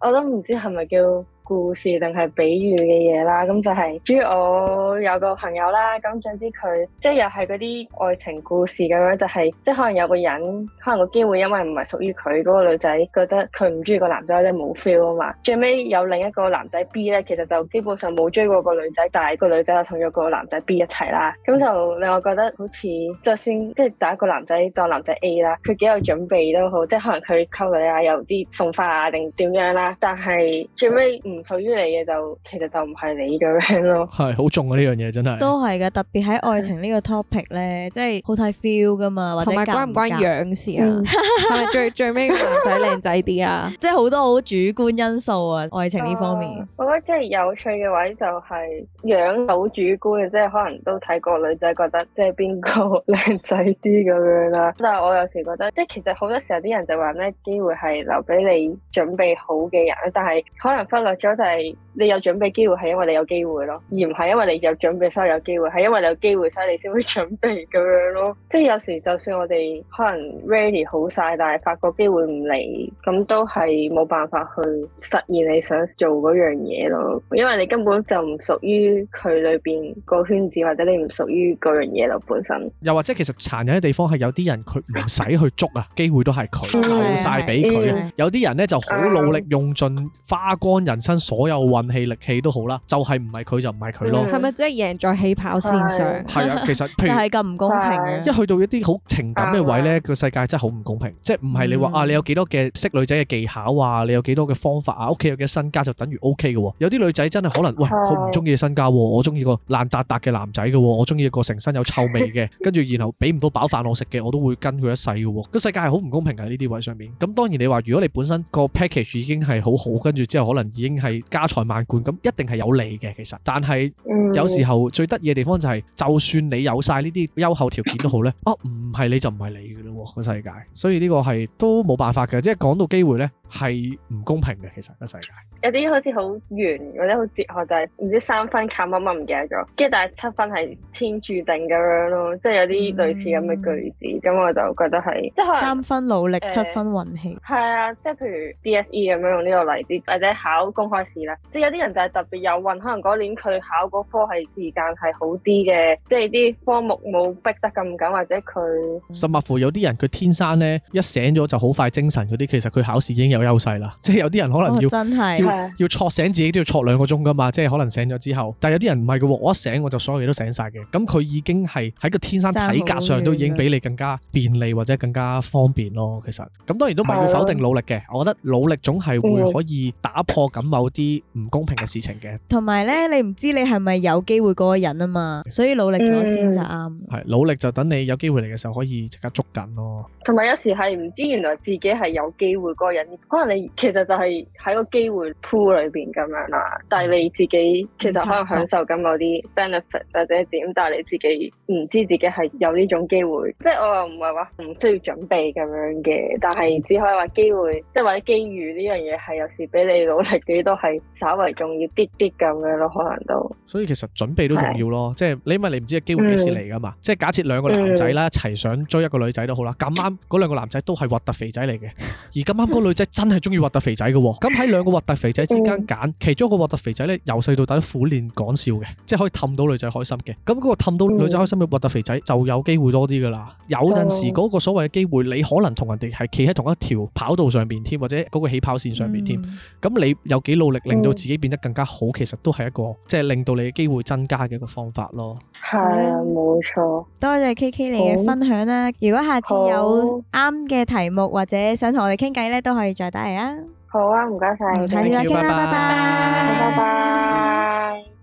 我都唔知係咪叫。故事定係比喻嘅嘢啦，咁就係，主要我有個朋友啦，咁總之佢即係又係嗰啲愛情故事咁樣，就係即係可能有個人，可能個機會因為唔係屬於佢，嗰個女仔，覺得佢唔中意個男仔咧，冇 feel 啊嘛，最尾有另一個男仔 B 呢，其實就基本上冇追過個女仔，但係個女仔就同咗個男仔 B 一齊啦，咁就令我覺得好似就算即係第一個男仔當男仔 A 啦，佢幾有準備都好，即係可能佢溝女啊，又唔知送花啊定點樣啦，但係最尾唔屬於你嘅就其實就唔係你咁樣咯，係好重啊呢樣嘢真係都係嘅，特別喺愛情呢個 topic 咧的，即係好睇 feel 噶嘛，或者跟跟關唔關樣事啊？係咪、嗯、 最 最尾個男仔靚仔啲啊？即係好多好主觀因素啊，愛情呢方面、呃。我覺得即係有趣嘅位就係樣好主觀嘅，即係可能都睇過個女仔覺得即係邊個靚仔啲咁樣啦。但係我有時覺得即係其實好多時候啲人就話咩機會係留俾你準備好嘅人，但係可能忽略。就係你有準備機會，係因為你有機會咯，而唔係因為你有準備先有機會，係因為你有機會，所以你先會準備咁樣咯。即係有時就算我哋可能 ready 好晒，但係發覺機會唔嚟，咁都係冇辦法去實現你想做樣嘢咯。因為你根本就唔屬於佢裏邊個圈子，或者你唔屬於樣嘢咯本身。又或者其實殘忍嘅地方係有啲人佢唔使去捉啊，機 會都係佢留曬俾佢。有啲人咧就好努力用盡花光人生。所有運氣力氣都好啦，就係唔係佢就唔係佢咯。係咪即係贏在起跑線上？係啊， 其實就係咁唔公平嘅。 一去到一啲好情感嘅位呢，Yeah. 個世界真係好唔公平。即係唔係你話、mm. 啊，你有幾多嘅識女仔嘅技巧啊，你有幾多嘅方法啊，屋企有嘅身家就等於 O K 嘅。有啲女仔真係可能喂，好唔中意身家，我中意個爛笪笪嘅男仔嘅。我中意個成身有臭味嘅，跟住 然後俾唔到飽飯我食嘅，我都會跟佢一世嘅。個世界係好唔公平嘅呢啲位上面。咁當然你話，如果你本身個 package 已經係好好，跟住之後可能已經。係家財萬貫咁，一定係有利嘅。其實，但係、嗯、有時候最得意嘅地方就係、是，就算你有晒呢啲優厚條件都好咧， 哦，唔係你就唔係你嘅咯，個世界。所以呢個係都冇辦法嘅。即係講到機會咧，係唔公平嘅。其實個世界有啲好似好圓，有啲好哲學就係、是、唔知三分靠乜乜唔記得咗，跟住但係七分係天注定咁樣咯。嗯、即係有啲類似咁嘅句子，咁、嗯、我就覺得係即係三分努力，七分運氣。係啊、呃，即係譬如 DSE 咁樣用呢個例子，或者考公。開啦，即係有啲人就係特別有運，可能嗰年佢考嗰科係時間係好啲嘅，即係啲科目冇逼得咁緊，或者佢甚至乎有啲人佢天生呢一醒咗就好快精神嗰啲，其實佢考試已經有優勢啦。即係有啲人可能要、哦、真係要是要，要醒自己都要坐兩個鐘噶嘛，即係可能醒咗之後，但係有啲人唔係嘅，我一醒我就所有嘢都醒晒嘅。咁佢已經係喺個天生體格上都已經比你更加便利或者更加方便咯。其實咁當然都唔係要否定努力嘅，嗯、我覺得努力總係會可以打破咁某、嗯。啲唔公平嘅事情嘅，同埋咧，你唔知你係咪有機會嗰個人啊嘛，所以努力咗先就啱。係努力就等你有機會嚟嘅時候，可以即刻捉緊咯。同埋有時係唔知原來自己係有機會嗰個人，可能你其實就係喺個機會 pool 裏邊咁樣啦，但係你自己其實可能享受緊某啲 benefit 或者點，但係你自己唔知自己係有呢種機會，即係我又唔係話唔需要準備咁樣嘅，但係只可以話機會，即係或者機遇呢樣嘢係有時俾你努力幾多。都係稍為重要啲啲咁嘅咯，可能都。所以其實準備都重要咯，是即係你咪你唔知個機會幾時嚟噶嘛。嗯、即係假設兩個男仔啦，一齊想追一個女仔都好啦，咁啱嗰兩個男仔都係核突肥仔嚟嘅，而咁啱嗰女仔真係中意核突肥仔嘅。咁喺兩個核突肥仔之間揀，嗯、其中一個核突肥仔呢，由細到大都苦練講笑嘅，即係可以氹到女仔開心嘅。咁、那、嗰個氹到女仔開心嘅核突肥仔就有機會多啲噶啦。有陣時嗰個所謂嘅機會，你可能同人哋係企喺同一條跑道上邊添，或者嗰個起跑線上邊添。咁、嗯、你有幾老？努力令到自己變得更加好，其實都係一個即係令到你嘅機會增加嘅一個方法咯。係啊，冇錯。多謝 KK 你嘅分享啦。好如果下次有啱嘅題目或者想同我哋傾偈咧，都可以再打嚟啊。好啊，唔該晒！下次再傾啦，拜拜，拜拜 bye。Bye bye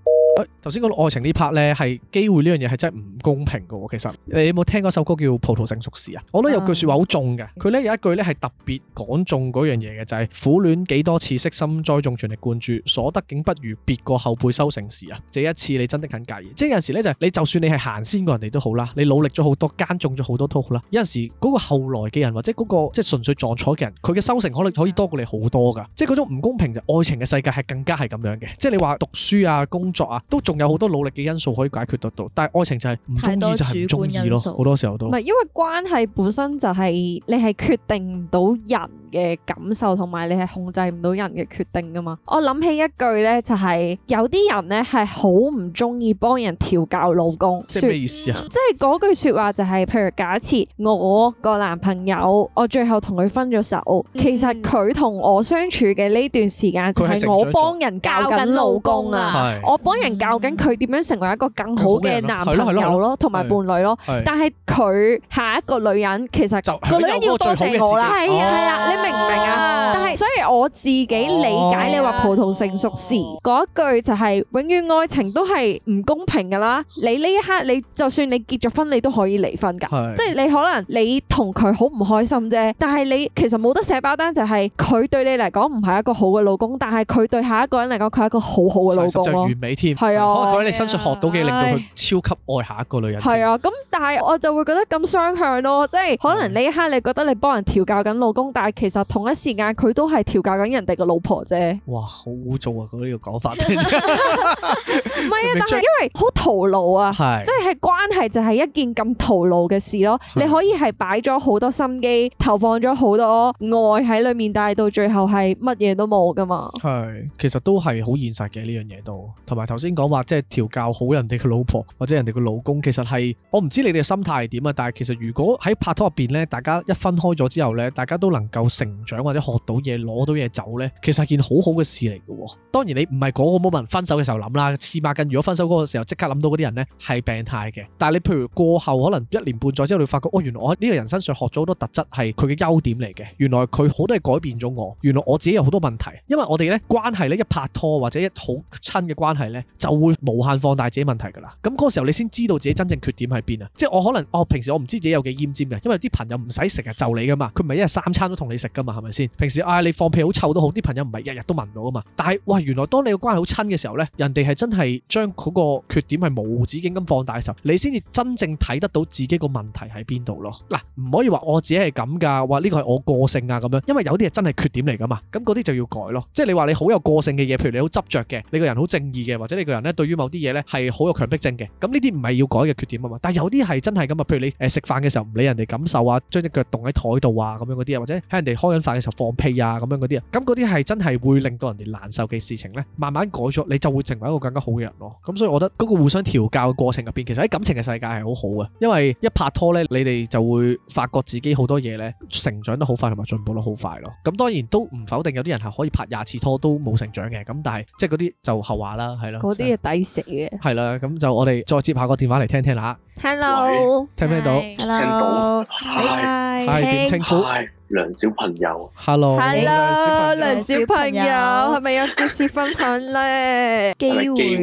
頭先講到愛情呢 part 咧，係機會呢樣嘢係真係唔公平嘅。其實你有冇聽過首歌叫《葡萄成熟時》啊？我覺得有句說話好中嘅，佢呢有一句呢係特別講中嗰樣嘢嘅，就係、是、苦戀幾多次悉心栽種全力灌注，所得竟不如別個後輩收成時啊！這一次你真的很介意。即係有陣時咧，就是、你就算你係行先過人哋都好啦，你努力咗好多，耕種咗好多土啦，有陣時嗰、那個後來嘅人或者嗰、那個即係純粹撞彩嘅人，佢嘅收成可能可以多過你好多噶。即係嗰種唔公平，就愛情嘅世界係更加係咁樣嘅。即係你話讀書啊，工作啊。都仲有好多努力嘅因素可以解決得到，但係愛情就係唔中意，就係唔中意咯，太多主觀因素，咯，好多，多時候都唔係，因為關係本身就係你係決定唔到人。嘅感受同埋你係控制唔到人嘅決定噶嘛？我諗起一句咧、就是，就係有啲人咧係好唔中意幫人調教老公。啊嗯、即係嗰句說話就係、是、譬如假設我個男朋友，我最後同佢分咗手，其實佢同我相處嘅呢段時間就係我幫人教緊老，老公啊，對我幫人教緊佢點樣成為一個更好嘅男朋友咯，同埋、啊、伴侶咯。但係佢下一個女人其實是，個女人要多謝我啦，係啊、喔，係啊。明唔明啊？但係所以我自己理解你話葡萄成熟時嗰、oh、yeah. 一句就係、是、永遠愛情都係唔公平噶啦。你呢一刻你就算你結咗婚你都可以離婚噶，是即係你可能你同佢好唔開心啫。但係你其實冇得寫包單，就係佢對你嚟講唔係一個好嘅老公，但係佢對下一個人嚟講佢係一個好好嘅老公，就完美添。係啊，可能喺你身上學到嘅，唉令到佢超級愛下一個女人。係啊，咁但係我就會覺得咁雙向咯，即係可能呢一刻你覺得你幫人調教緊老公，但係其其實同一時間佢都係調教緊人哋個老婆啫。哇，好污糟啊！佢呢個講法，唔係 啊，但係因為好徒勞啊，係是，即係關係就係一件咁徒勞嘅事咯。是你可以係擺咗好多心機，投放咗好多愛喺裏面，但係到最後係乜嘢都冇噶嘛。係，其實都係好現實嘅呢樣嘢都。同埋頭先講話即係調教好人哋嘅老婆或者人哋嘅老公，其實係我唔知你哋嘅心態係點啊。但係其實如果喺拍拖入邊咧，大家一分開咗之後咧，大家都能夠。成長或者學到嘢攞到嘢走呢，其實係件好好嘅事嚟嘅，哦。當然你唔係嗰個 moment 分手嘅時候諗啦，黐孖筋。如果分手嗰個時候即刻諗到嗰啲人呢，係病態嘅，但係你譬如過後可能一年半載之後，你會發覺哦，原來我喺呢個人身上學咗好多特質係佢嘅優點嚟嘅。原來佢好多係改變咗我，原來我自己有好多問題，因為我哋呢關係呢一拍拖或者一好親嘅關係呢，就會無限放大自己問題㗎啦。咁嗰時候你先知道自己真正缺點喺邊啊！即係我可能哦，平時我唔知自己有幾奄尖嘅，因為啲朋友唔使食日就你㗎嘛，佢唔係一日三餐都同你食。噶嘛，係咪先？平時嗌、哎、你放屁好臭都好，啲朋友唔係日日都聞到啊嘛。但係哇、呃，原來當你個關係好親嘅時候咧，人哋係真係將嗰個缺點係無止境咁放大嘅時候，你先至真正睇得到自己個問題喺邊度咯。嗱、啊，唔可以話我自己係咁噶，話呢個係我個性啊咁樣。因為有啲係真係缺點嚟噶嘛，咁嗰啲就要改咯。即、就、係、是、你話你好有個性嘅嘢，譬如你好執着嘅，你個人好正義嘅，或者你個人咧對於某啲嘢咧係好有強迫症嘅，咁呢啲唔係要改嘅缺點啊嘛。但係有啲係真係咁啊，譬如你誒、呃、食飯嘅時候唔理人哋感受啊，將隻腳動喺台度啊，咁樣嗰啲啊，或者喺人哋。開飯嘅時候放屁啊，咁樣嗰啲啊，咁嗰啲係真係會令到人哋難受嘅事情咧，慢慢改咗，你就會成為一個更加好嘅人咯。咁所以我覺得嗰個互相調教嘅過程入邊，其實喺感情嘅世界係好好嘅，因為一拍拖咧，你哋就會發覺自己好多嘢咧成長得好快，同埋進步得好快咯。咁當然都唔否定有啲人係可以拍廿次拖都冇成長嘅，咁但係即係嗰啲就後話啦，係咯。嗰啲係抵死嘅。係啦，咁就我哋再接下個電話嚟聽聽啦。Hello，聽唔聽到？聽到。係。係點稱呼？梁小朋友，Hello，Hello，梁小朋友，係咪有故事分享咧？機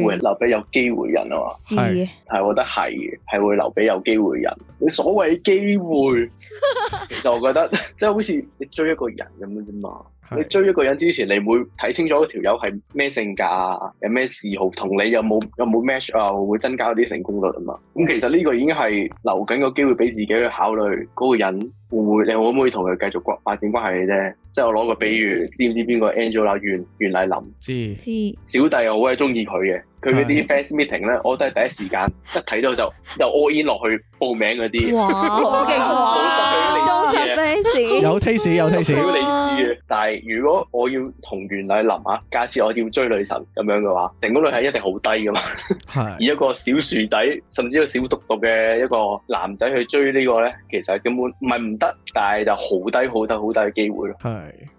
會留俾有機會人啊？係，係我覺得係嘅，係會留俾有機會人。你所謂機會， 其實我覺得即係好似你追一個人咁樣嘛。你追一個人之前，你會睇清楚嗰條友係咩性格啊，有咩嗜好，同你有冇有冇 match 啊，有冇 match，會唔會增加啲成功率啊嘛？咁其實呢個已經係留緊個機會俾自己去考慮嗰、嗰個人會唔會，你會唔會同佢繼續關發展關係嘅啫。即係我攞個比喻，知唔知邊個 Angela 袁、袁澧林？知知小弟又好鬼中意佢嘅，佢嗰啲 fans meeting 咧，我都係第一時間一睇到就就 all in 落去報名嗰啲。哇，好勁，好紮實嘅 fans，有 taste 有 taste。屌你知啊！但係如果我要同袁澧林啊，假設我要追女神咁樣嘅話，成功率係一定好低噶嘛。係。而一個小薯仔，甚至一個小毒毒嘅一個男仔去追呢個咧，其實根本唔係唔得，但係就好低好低好低嘅機會咯。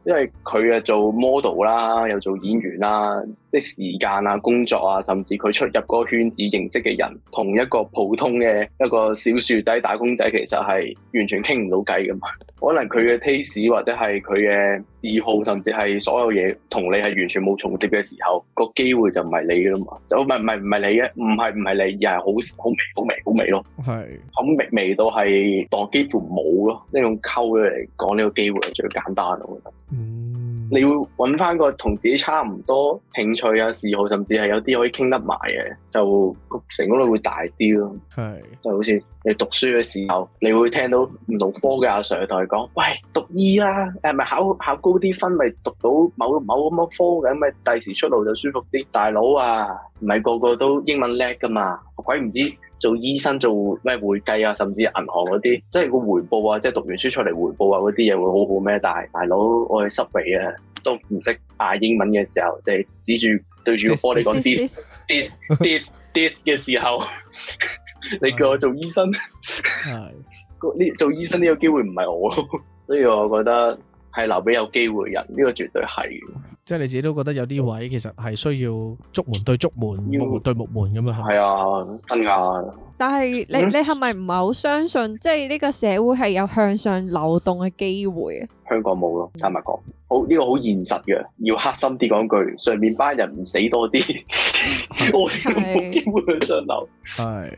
因為佢啊，做 model 啦，又做演員啦，即係時間啊，工作啊，甚至佢出入個圈子認識嘅人，同一個普通嘅一個小薯仔打工仔，其實係完全傾唔到計噶嘛。可能佢嘅 taste 或者係佢嘅嗜好，甚至係所有嘢同你係完全冇重疊嘅時候，個機會就唔係你嘅啦嘛。哦，唔係唔係唔係你嘅，唔係唔係你，而係好好微好微好微咯。係，好微微到係當幾乎冇咯。呢種溝嘅嚟講，呢個機會係最簡單咯，我覺得。嗯你會揾翻個同自己差唔多興趣啊、嗜好，甚至係有啲可以傾得埋嘅，就成功率會大啲咯。係是，就好似你讀書嘅時候，你會聽到唔同科嘅阿、啊、Sir 同你講，喂，讀醫啦、啊，誒，咪考考高啲分，咪讀到某某某科咁咪第時出路就舒服啲。 大佬啊，唔係個個都英文叻噶嘛，鬼唔知。做醫生做咩會計啊，甚至銀行嗰啲，即係個回報啊，即係讀完書出嚟回報啊嗰啲嘢會好好咩？但係大佬，我係失明啊，都唔識亞英文嘅時候，就係指住對住個科你講 this, this, this, this 嘅時候， 你叫我做醫生，係 呢做醫生呢個機會唔係我， 所以我覺得係留俾有機會嘅人，呢、呢個絕對係。即係你自己都覺得有啲位其實係需要竹門對竹門、木要門對木門咁樣嚇。係啊，真㗎。但係你、嗯、你係咪唔係好相信即係呢個社會係有向上流動嘅機會啊？香港冇咯，坦白講，好呢、呢個好現實嘅，要黑心啲講句，上面班人唔死多啲，我哋冇機會上流。係，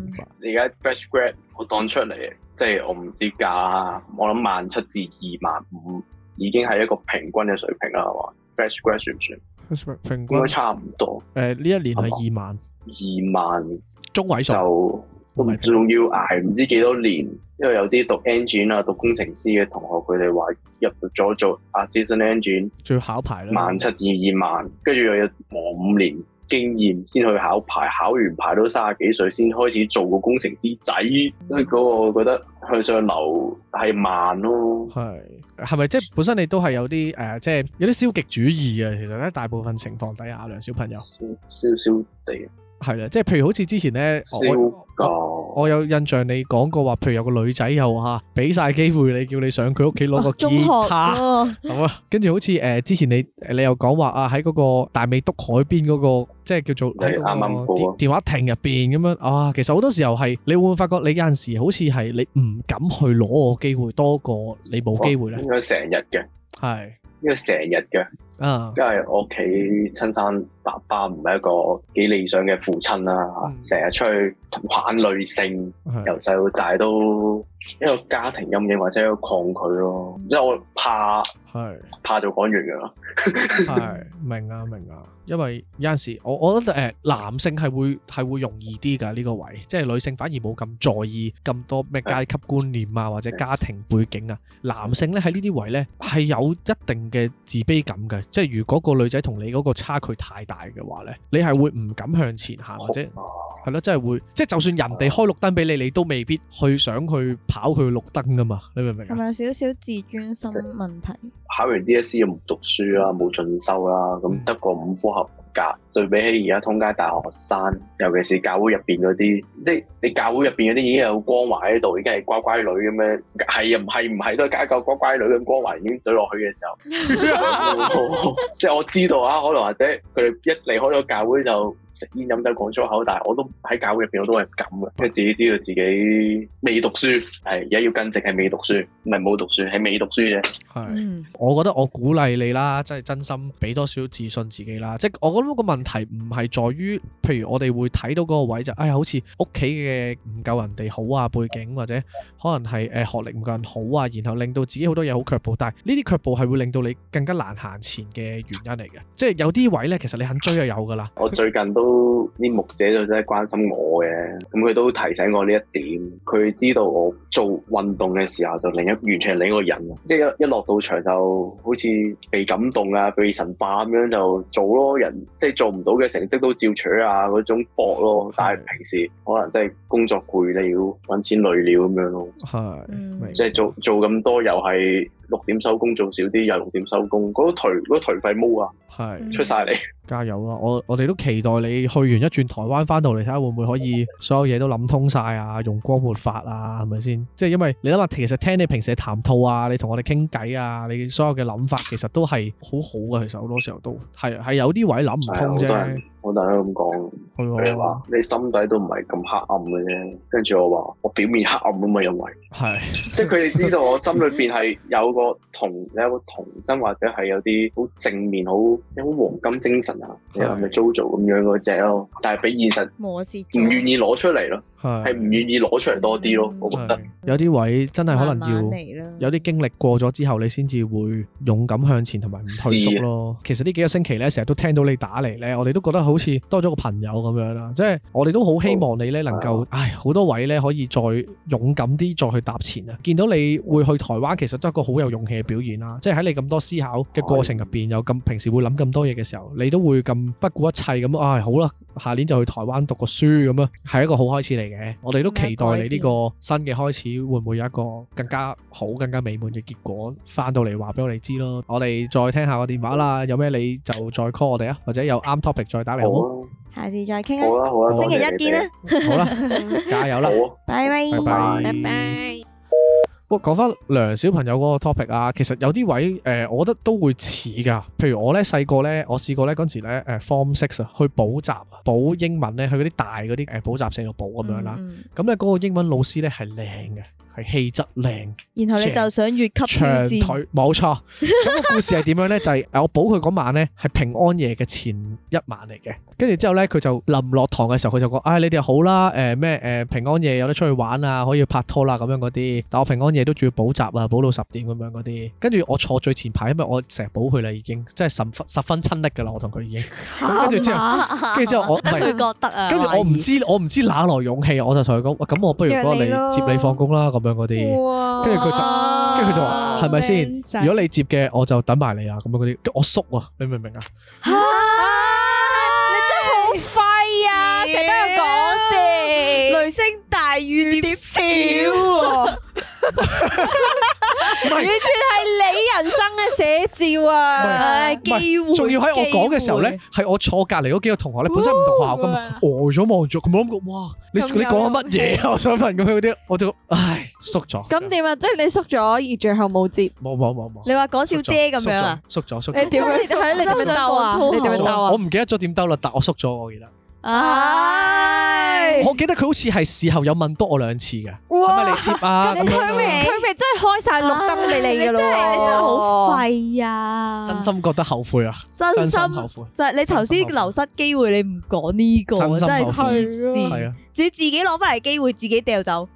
明白。你而家 fresh grad，我當出嚟，即係我唔知價，我諗萬七至二萬五。已經係一個平均嘅水平啦，係嘛？Fresh graduate 算唔算？平均應該差唔多。誒呢、欸、一年係二萬，二萬中位數就都係。仲要挨唔知幾多年，因為有啲讀 engine 啊、讀工程師嘅同學，佢哋話入咗做 assistant engineer 仲要考牌啦。萬七至二萬，跟住又要忙五年。經驗先去考牌，考完牌都三十幾歲先開始做個工程師仔，因為嗰個我覺得向上流係慢咯。係係咪即係本身你都係有啲誒、呃，即係有啲消極主義啊？其實咧，大部分情況底下，阿兩小朋友，嗯，少少地係啦，即係譬如好似之前咧，少個假。我有印象你講過話，譬如有個女仔又吓，俾晒機會你，叫你上佢屋企攞個吉他，學 好啊。跟住好似誒，之前你你又講話啊，喺嗰個大美督海邊嗰、那個，即係叫做電話亭入邊咁樣啊。其實好多時候係，你會唔會發覺你有陣時好似係你唔敢去攞個機會，多過你冇機會咧？應該成日嘅，係是應該成日嘅，啊，因為我屋企親生。爸爸唔係一個幾理想嘅父親啦、啊，成日、嗯、出去玩女性，由細、嗯、到大都一個家庭陰影或者一個抗拒咯、啊。嗯、因為我怕係是怕就講完噶啦，係是 明啊明啊。因為有陣時我我覺得誒，男性係會係會容易啲噶呢個位，即係女性反而冇咁在意咁多咩階級觀念啊是或者家庭背景啊。嗯、男性咧喺呢啲位咧係有一定嘅自卑感嘅，即係是如果個女仔同你嗰個差距太大。嘅話咧，你係會唔敢向前行或者係咯、啊，真係會，即、就、係、是、就算人哋開綠燈俾你，你都未必去想去跑去綠燈噶嘛，你明唔明啊？係咪有少少自尊心問題？考完 DSE 又唔讀書啊，冇進修啦、啊，咁得個五科合格。教對比起而家通街大學生，尤其是教會入邊嗰啲，即係你教會入邊嗰啲已經有光環喺度，已經係乖乖女咁樣，係唔係唔係都係加個乖乖女咁光環已經墜落去嘅時候， 即係我知道啊，可能或者佢哋一離開咗教會就食煙飲酒講粗口，但係我都喺教會入邊我都係唔敢嘅，因為自己知道自己未讀書，係而家要跟直係未讀書，唔係冇讀書係未讀書啫。係，我覺得我鼓勵你啦，真係真心俾多少自信自己啦，即係我個問題唔係在於，譬如我哋會睇到嗰個位就是，哎呀，好似屋企嘅唔夠人哋好啊，背景或者可能係誒學歷唔夠人好啊，然後令到自己好多嘢好卻步，但係呢啲卻步係會令到你更加難行前嘅原因嚟嘅，即係有啲位呢，其實你肯追就有噶啦。我最近都啲牧者就真係關心我嘅，咁佢都提醒我呢一點，佢知道我做運動嘅時候就另一完全係另一個人，即、就、係、是、一,一落到場就好似被感動啊、被神化咁樣就做咯，人。即係做唔到嘅成績都照取啊！嗰種搏咯，但係平時可能真係工作攰你要揾錢累料咁樣咯，即係做做咁多又係。六點收工做少啲，又六點收工，嗰個頹嗰個頹廢毛啊，係出晒嚟，加油啦！我我哋都期待你去完一轉台灣翻到嚟睇下會唔會可以所有嘢都諗通晒啊，容光煥發啊，係咪先？即係因為你諗下，其實聽你平時嘅談吐啊，你同我哋傾偈啊，你所有嘅諗法其實都係好好嘅，其實好多時候都係係有啲位諗唔通啫。我大家咁講，佢話 你心底都唔係咁黑暗嘅啫。跟住我話，我表面黑暗啊嘛，因為係 即係佢哋知道我心裏邊係有個童有一個童真，或者係有啲好正面、好有好黃金精神啊，即係咪 Jojo 咁樣嗰隻咯？但係俾現實唔願意攞出嚟咯。係，唔願意攞出嚟多啲咯。我覺得有啲位真係可能要，有啲經歷過咗之後，你先至會勇敢向前同埋唔退縮咯。的其實呢幾個星期咧，成日都聽到你打嚟咧，我哋都覺得好似多咗個朋友咁樣啦。即係我哋都好希望你咧能夠，的唉，好多位咧可以再勇敢啲再去踏前啊！見到你會去台灣，其實都係一個好有勇氣嘅表現啦。即係喺你咁多思考嘅過程入邊，有咁的平時會諗咁多嘢嘅時候，你都會咁不顧一切咁，唉，好啦，下年就去台灣讀個書咁啊，係一個好開始嚟。嘅，我哋都期待你呢個新嘅開始會唔會有一個更加好、更加美滿嘅結果，返到嚟話俾我哋知咯。我哋再聽下個電話啦，有咩你就再 call 我哋啊，或者有啱 topic 再打嚟好。下次再傾啦，好啦，星期一見啦，好啦，加油啦，拜拜，拜拜，拜拜。我講翻梁小朋友嗰個 topic 啊，其實有啲位誒、呃，我覺得都會似噶。譬如我咧細個咧，我試過咧嗰陣時咧誒、呃、form six 啊，去補習啊，補英文咧，去嗰啲大嗰啲誒補習社度補咁樣啦。咁咧嗰個英文老師咧係靚嘅。氣質靚，然後你就想越級越長腿冇錯。咁個故事係點樣咧？就係我補佢嗰晚咧係平安夜嘅前一晚嚟嘅。跟住之後咧，佢就臨落堂嘅時候，佢就講，哎，你哋好啦，誒咩誒，平安夜有得出去玩啊，可以拍拖啦，咁樣嗰啲。但我平安夜都仲要補習啊，補到十點咁樣嗰啲。跟住我坐最前排，因為我成日補佢啦，已經真係十分十分親力噶啦，我同佢已經。跟住之後，跟住之後我唔覺得啊。跟住我唔知我唔知哪來勇氣，我就同佢講，咁我不如嗰日你接你放工啦咁樣。啲，跟住佢就，跟住佢就話，係咪先？如果你接嘅，我就等埋你啦！咁樣嗰啲，我縮啊！你明唔明啊？啊你真係好廢啊！成日都講句，有雷聲大雨點小，啊。 完全係你人生嘅寫照啊！機會，仲要喺我講嘅時候咧，係我坐隔籬嗰幾個同學咧，本身唔同學校噶嘛，呆咗望住，佢諗：哇，你你講乜嘢啊？我想問咁樣嗰啲，我就唉縮咗。咁點啊？即係你縮咗而最後冇接，冇冇冇冇。你話講笑姐咁樣啊？縮咗縮。你點樣喺你？你點樣鬥啊？你點樣鬥啊？我唔記得咗點鬥啦，但係我縮咗，我記得。唉，uh, hey. 我記得佢好似係事後有問多我兩次嘅，係咪你接啊？咁佢咪佢咪真係開晒綠燈俾你嘅咯？你真係好廢啊！真心覺得後悔啊！真心，真心後悔就係你頭先流失機會你講，這個，你唔講呢個真係黐線，仲要自己攞翻嚟機會，自己掉走。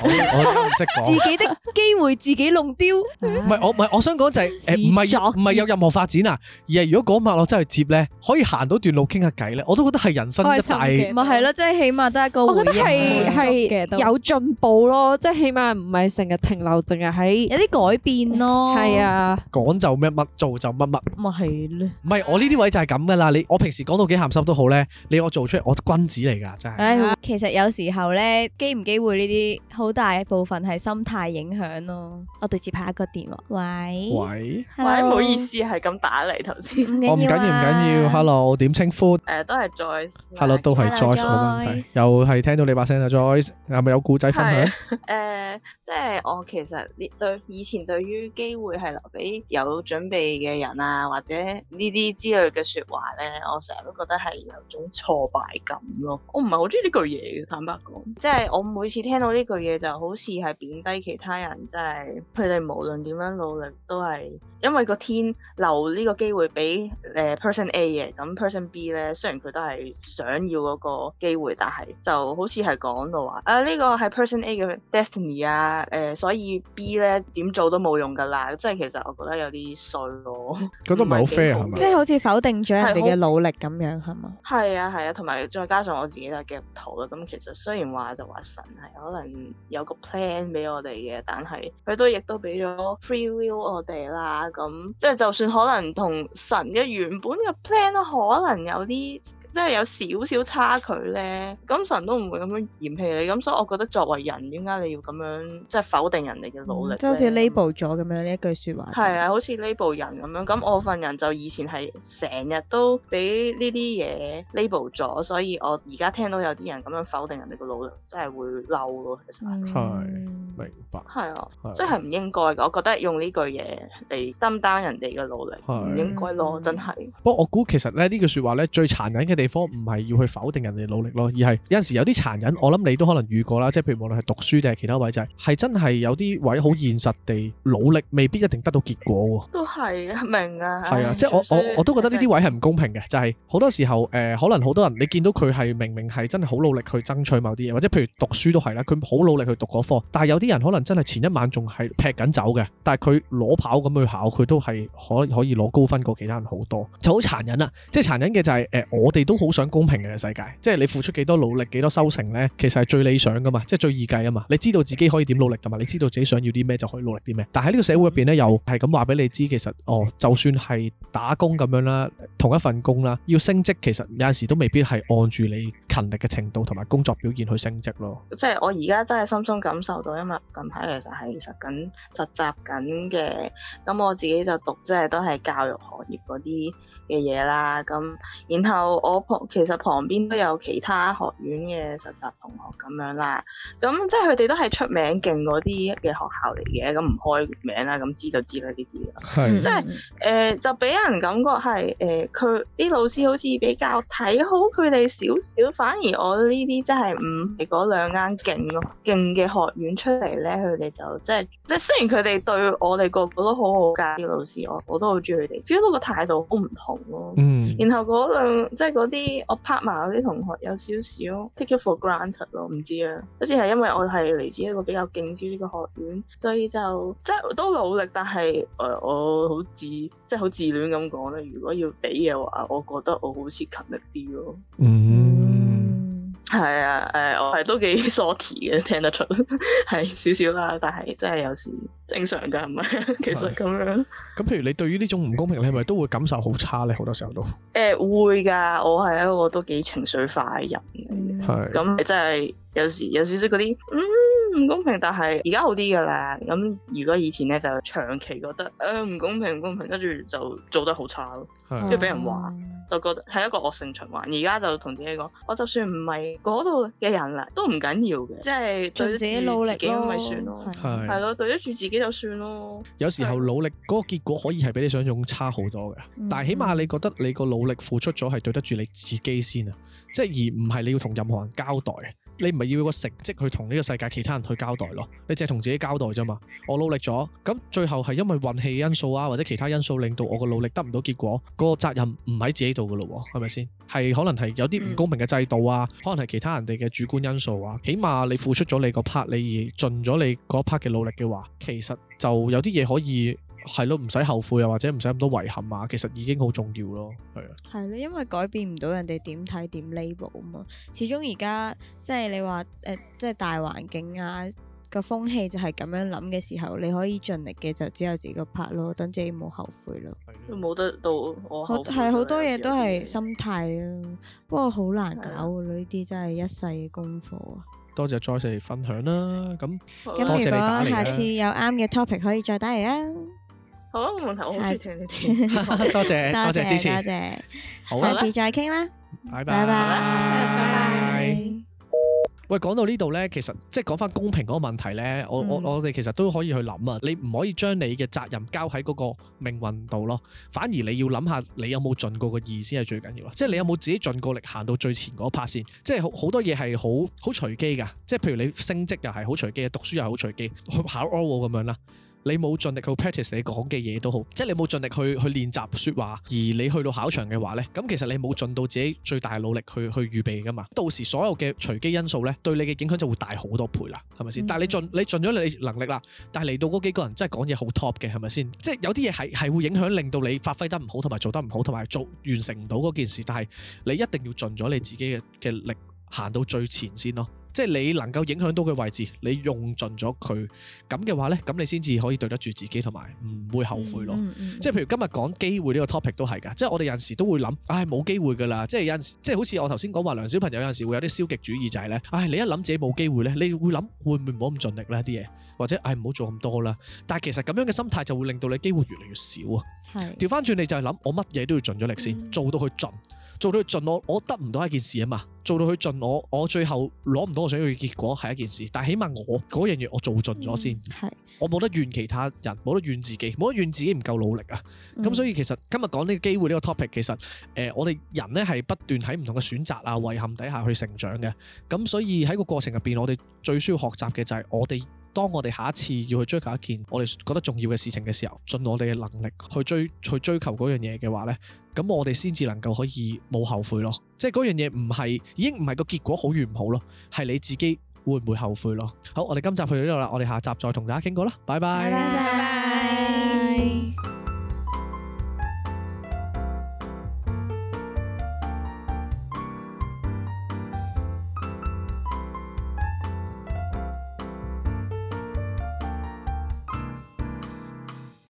自己的機會自己弄丟，唔係我唔係我想講就係誒唔係唔係有任何發展啊？而係如果嗰晚我真係接咧，可以行到段路傾下偈咧，我都覺得係人生一大咪係咯，即係起碼都係一個。我覺得係係有進步咯，即係起碼唔係成日停留，淨係喺有啲改變咯，係啊。講就乜乜，做就乜乜，咪係咯。唔係我呢啲位就係咁噶啦。你我平時講到幾鹹濕都好咧，你我做出嚟，我君子嚟噶，真係。唉，其實有時候咧，機唔機會呢啲好。好大部分係心態影響咯。我哋接下一個電話。喂喂喂，唔 Hello? 好意思，行 oh, 係咁打嚟頭先。我唔緊要，唔緊要，hello。點稱呼？誒、呃，都係 Joyce。hello，Mark. 都係 Joyce。冇問題。Joyce 又係聽到你把聲啦，Joyce。係咪有故仔分享？誒、啊，即、呃、係、就是、我其實對以前對於機會係留俾有準備嘅人啊，或者呢啲之類嘅説話咧，我成日都覺得係有種挫敗感咯。我唔係好中意呢句嘢嘅，坦白講。即係我每次聽到呢句嘢。就好似係貶低其他人，即係佢哋無論點樣努力都係，因為個天留呢個機會俾誒、呃、person A 嘅，咁 person B 咧，雖然佢都係想要嗰個機會，但係就好似係講到話誒，呢個係 person A 嘅 destiny 啊，誒、呃、所以 B 咧點做都冇用㗎啦，即係其實我覺得有啲衰咯，嗰都唔係好 f 飛係嘛，即係好似否定咗人哋嘅努力咁樣係嘛，係啊係啊，同埋、啊、再加上我自己都係基督徒啦，咁其實雖然話就話神係可能。有個 plan 俾我哋嘅，但係佢都亦都俾咗 free will 我哋啦，咁即係就算可能同神嘅原本嘅 plan 都可能有啲。即係有少少差距呢，咁神都唔會咁樣嫌棄你，咁所以我覺得作為人點解你要咁樣即係否定人哋嘅努力、嗯？就好似 label 咗咁樣呢一句説話。係啊，好似 label 人咁樣，咁我份人就以前係成日都俾呢啲嘢 label 咗，所以我而家聽到有啲人咁樣否定人哋嘅努力，真係會嬲咯，其實係。嗯。明白，係啊，真係唔應該噶。我覺得用呢句嘢嚟抌單人哋嘅努力，唔、啊、應該咯，真係。不過、嗯、我估其實咧呢句說話咧最殘忍嘅地方，唔係要去否定人哋努力咯，而係有陣時有啲殘忍。我諗你都可能遇過啦，即係譬如無論係讀書定係其他位，就係真係有啲位好現實地努力，未必一定得到結果。都係啊，明啊。係啊，誒即係我誒我我都覺得呢啲位係唔公平嘅，就係、是、好多時候誒、呃，可能好多人你見到佢係明明係真係好努力去爭取某啲嘢，或者譬如讀書都係啦，佢好努力去讀嗰科，但係有。啲人可能真係前一晚仲係劈緊走嘅，但係佢攞跑咁去考，佢都係可可以攞高分過其他人好多，就好殘忍啊！即係殘忍嘅就係、是、誒、呃，我哋都好想公平嘅、這個、世界，即係你付出幾多努力，幾多收成呢，其實係最理想噶嘛，即係最易計啊嘛。你知道自己可以點努力，同埋你知道自己想要啲咩就可以努力啲咩。但係喺呢個社會入邊呢，又係咁話俾你知，其實哦，就算係打工咁樣啦，同一份工啦，要升職其實有陣時都未必係按住你勤力嘅程度同埋工作表現去升職咯。即係我而家真係深深感受到一近排其實係實緊實習緊嘅，咁我自己就讀，即係都係教育行業嗰啲嘅嘢啦，咁然後我旁其實旁邊都有其他學院嘅實習同學咁樣啦，咁即係佢哋都係出名勁嗰啲嘅學校嚟嘅，咁唔開名啦，咁知就知啦呢啲咯，係是即係誒、呃、就俾人感覺係誒佢啲老師好似比較睇好佢哋少少，反而我呢啲真係唔係嗰兩間勁咯勁嘅學院出嚟咧，佢哋就即係即係雖然佢哋對我哋個個都好好㗎，啲老師我我都好中意佢哋，feel 到個態度好唔同。嗯，mm hmm. 然後嗰兩即係嗰啲我 partner 嗰啲同學有少少 take it for granted 咯，唔知啊，好似係因為我係嚟自一個比較勁少啲嘅學院，所以就即係都努力，但係誒我，我好自即係好自戀咁講咧，如果要俾嘅話，我覺得我好似勤力啲咯。Mm hmm. 嗯。係啊，誒、呃，我係都幾 salty 嘅，聽得出，係 少少啦，但係真係有時正常㗎，係咪是？其實咁樣，咁譬如你對於呢種唔公平，你係咪都會感受好差咧？好多時候都，誒、呃、會㗎，我係一個都幾情緒化嘅人，係、嗯，咁你真係有時有少少嗰啲，嗯。唔公平，但係而家好啲噶啦。咁如果以前咧，就長期覺得誒，唔公平唔公平，跟住就做得好差咯，跟住俾人話，就覺得係一個惡性循環。而家就同自己講，我就算唔係嗰度嘅人啦，都唔緊要嘅，即係對得住自己努力嘅咪算咯，係係咯，對得住自己就算咯。是算有時候努力嗰個結果可以係比你想像差好多嘅，是但係起碼你覺得你個努力付出咗係對得住你自己先啊，即係而唔係你要同任何人交代。你唔係要個成績去同呢個世界其他人去交代咯，你淨係同自己交代啫嘛。我努力咗，咁最後係因為運氣因素啊，或者其他因素令到我個努力得唔到結果，個責任唔喺自己度噶咯，係咪先？係可能係有啲唔公平嘅制度啊，可能係其他人哋嘅主觀因素啊。起碼你付出咗你個 part，你而盡咗你嗰 part 嘅努力嘅話，其實就有啲嘢可以。係咯，唔使後悔又或者唔使咁多遺憾啊，其實已經好重要咯，係啊。係咯，因為改變唔到人哋點睇、點 label 啊嘛。始終而家即係你話誒，即係、呃、大環境啊，個風氣就係咁樣諗嘅時候，你可以盡力嘅就只有自己個拍咯，等自己冇後悔咯。冇了得到，我係好多嘢都係心態啊，的不過好難搞啊，呢啲真係一世嘅功課啊。嗯、多謝 Joyce 嚟分享啦，咁咁如果下次有啱嘅 topic 可以再打嚟啦，啊。好啊，冇問題，我好多謝 多謝，多謝支持，多謝。好啦吧，下次再傾啦。拜拜 bye 拜拜。喂，講到呢度咧，其實即係講翻公平嗰個問題咧，我、嗯、我我哋其實都可以去諗啊。你唔可以將你嘅責任交喺嗰個命運度咯，反而你要諗下你有冇盡過個意思係最緊要啊。即係你有冇自己盡過力行到最前嗰一拍先。即係好好多嘢係好好隨機噶即係譬如你升職又係好隨機，讀書又係好隨機，考 all 咁樣啦。你冇盡力去 practice 你講嘅嘢都好，即係你冇盡力去去練習說話，而你去到考場嘅話呢，咁其實你冇盡到自己最大努力去去預備㗎嘛，到時所有嘅隨機因素呢，對你嘅影響就會大好多倍啦，係咪先？但係你盡你盡咗你能力啦，但係嚟到嗰幾個人真係講嘢好 top 嘅係咪先？即係有啲嘢係係會影響令到你發揮得唔好，同埋做得唔好，同埋做完成唔到嗰件事，但係你一定要盡咗你自己嘅嘅力行到最前先咯。即係你能夠影響到嘅位置，你用盡咗佢咁嘅話呢，咁你先至可以對得住自己同埋唔會後悔咯。嗯嗯、即係譬如今日講機會呢個 topic 都係㗎。即係我哋有陣時都會諗，唉冇機會㗎啦。即係有陣時，即係好似我頭先講話，梁小朋友有陣時會有啲消極主義就係、是、呢：唉你一諗自己冇機會呢，你會諗會唔會唔好咁盡力呢啲嘢，或者唉唔好做咁多啦。但係其實咁樣嘅心態就會令到你機會越嚟越少啊。係調翻轉你就係諗，我乜嘢都要盡咗力先，嗯、做到去盡。做到佢盡我，我得唔到一件事啊嘛。做到佢盡我，我最後攞唔到我想要嘅結果係一件事，但係起碼我嗰樣嘢我做盡咗先，嗯、我冇得怨其他人，冇得怨自己，冇得怨自己唔夠努力啊。咁、嗯、所以其實今日講呢個機會呢個 topic，其實誒、呃，我哋人咧係不斷喺唔同嘅選擇啊、遺憾底下去成長嘅，咁所以喺個過程入邊，我哋最需要學習嘅就係我哋。當我哋下一次要去追求一件我哋覺得重要嘅事情嘅時候，盡我哋嘅能力去追去追求嗰樣嘢嘅話呢，咁我哋先至能夠可以冇後悔咯。即係嗰樣嘢唔係已經唔係個結果好與唔好咯，係你自己會唔會後悔咯？好，我哋今集去到呢度啦，我哋下集再同大家傾過啦，拜拜。Bye bye. Bye bye.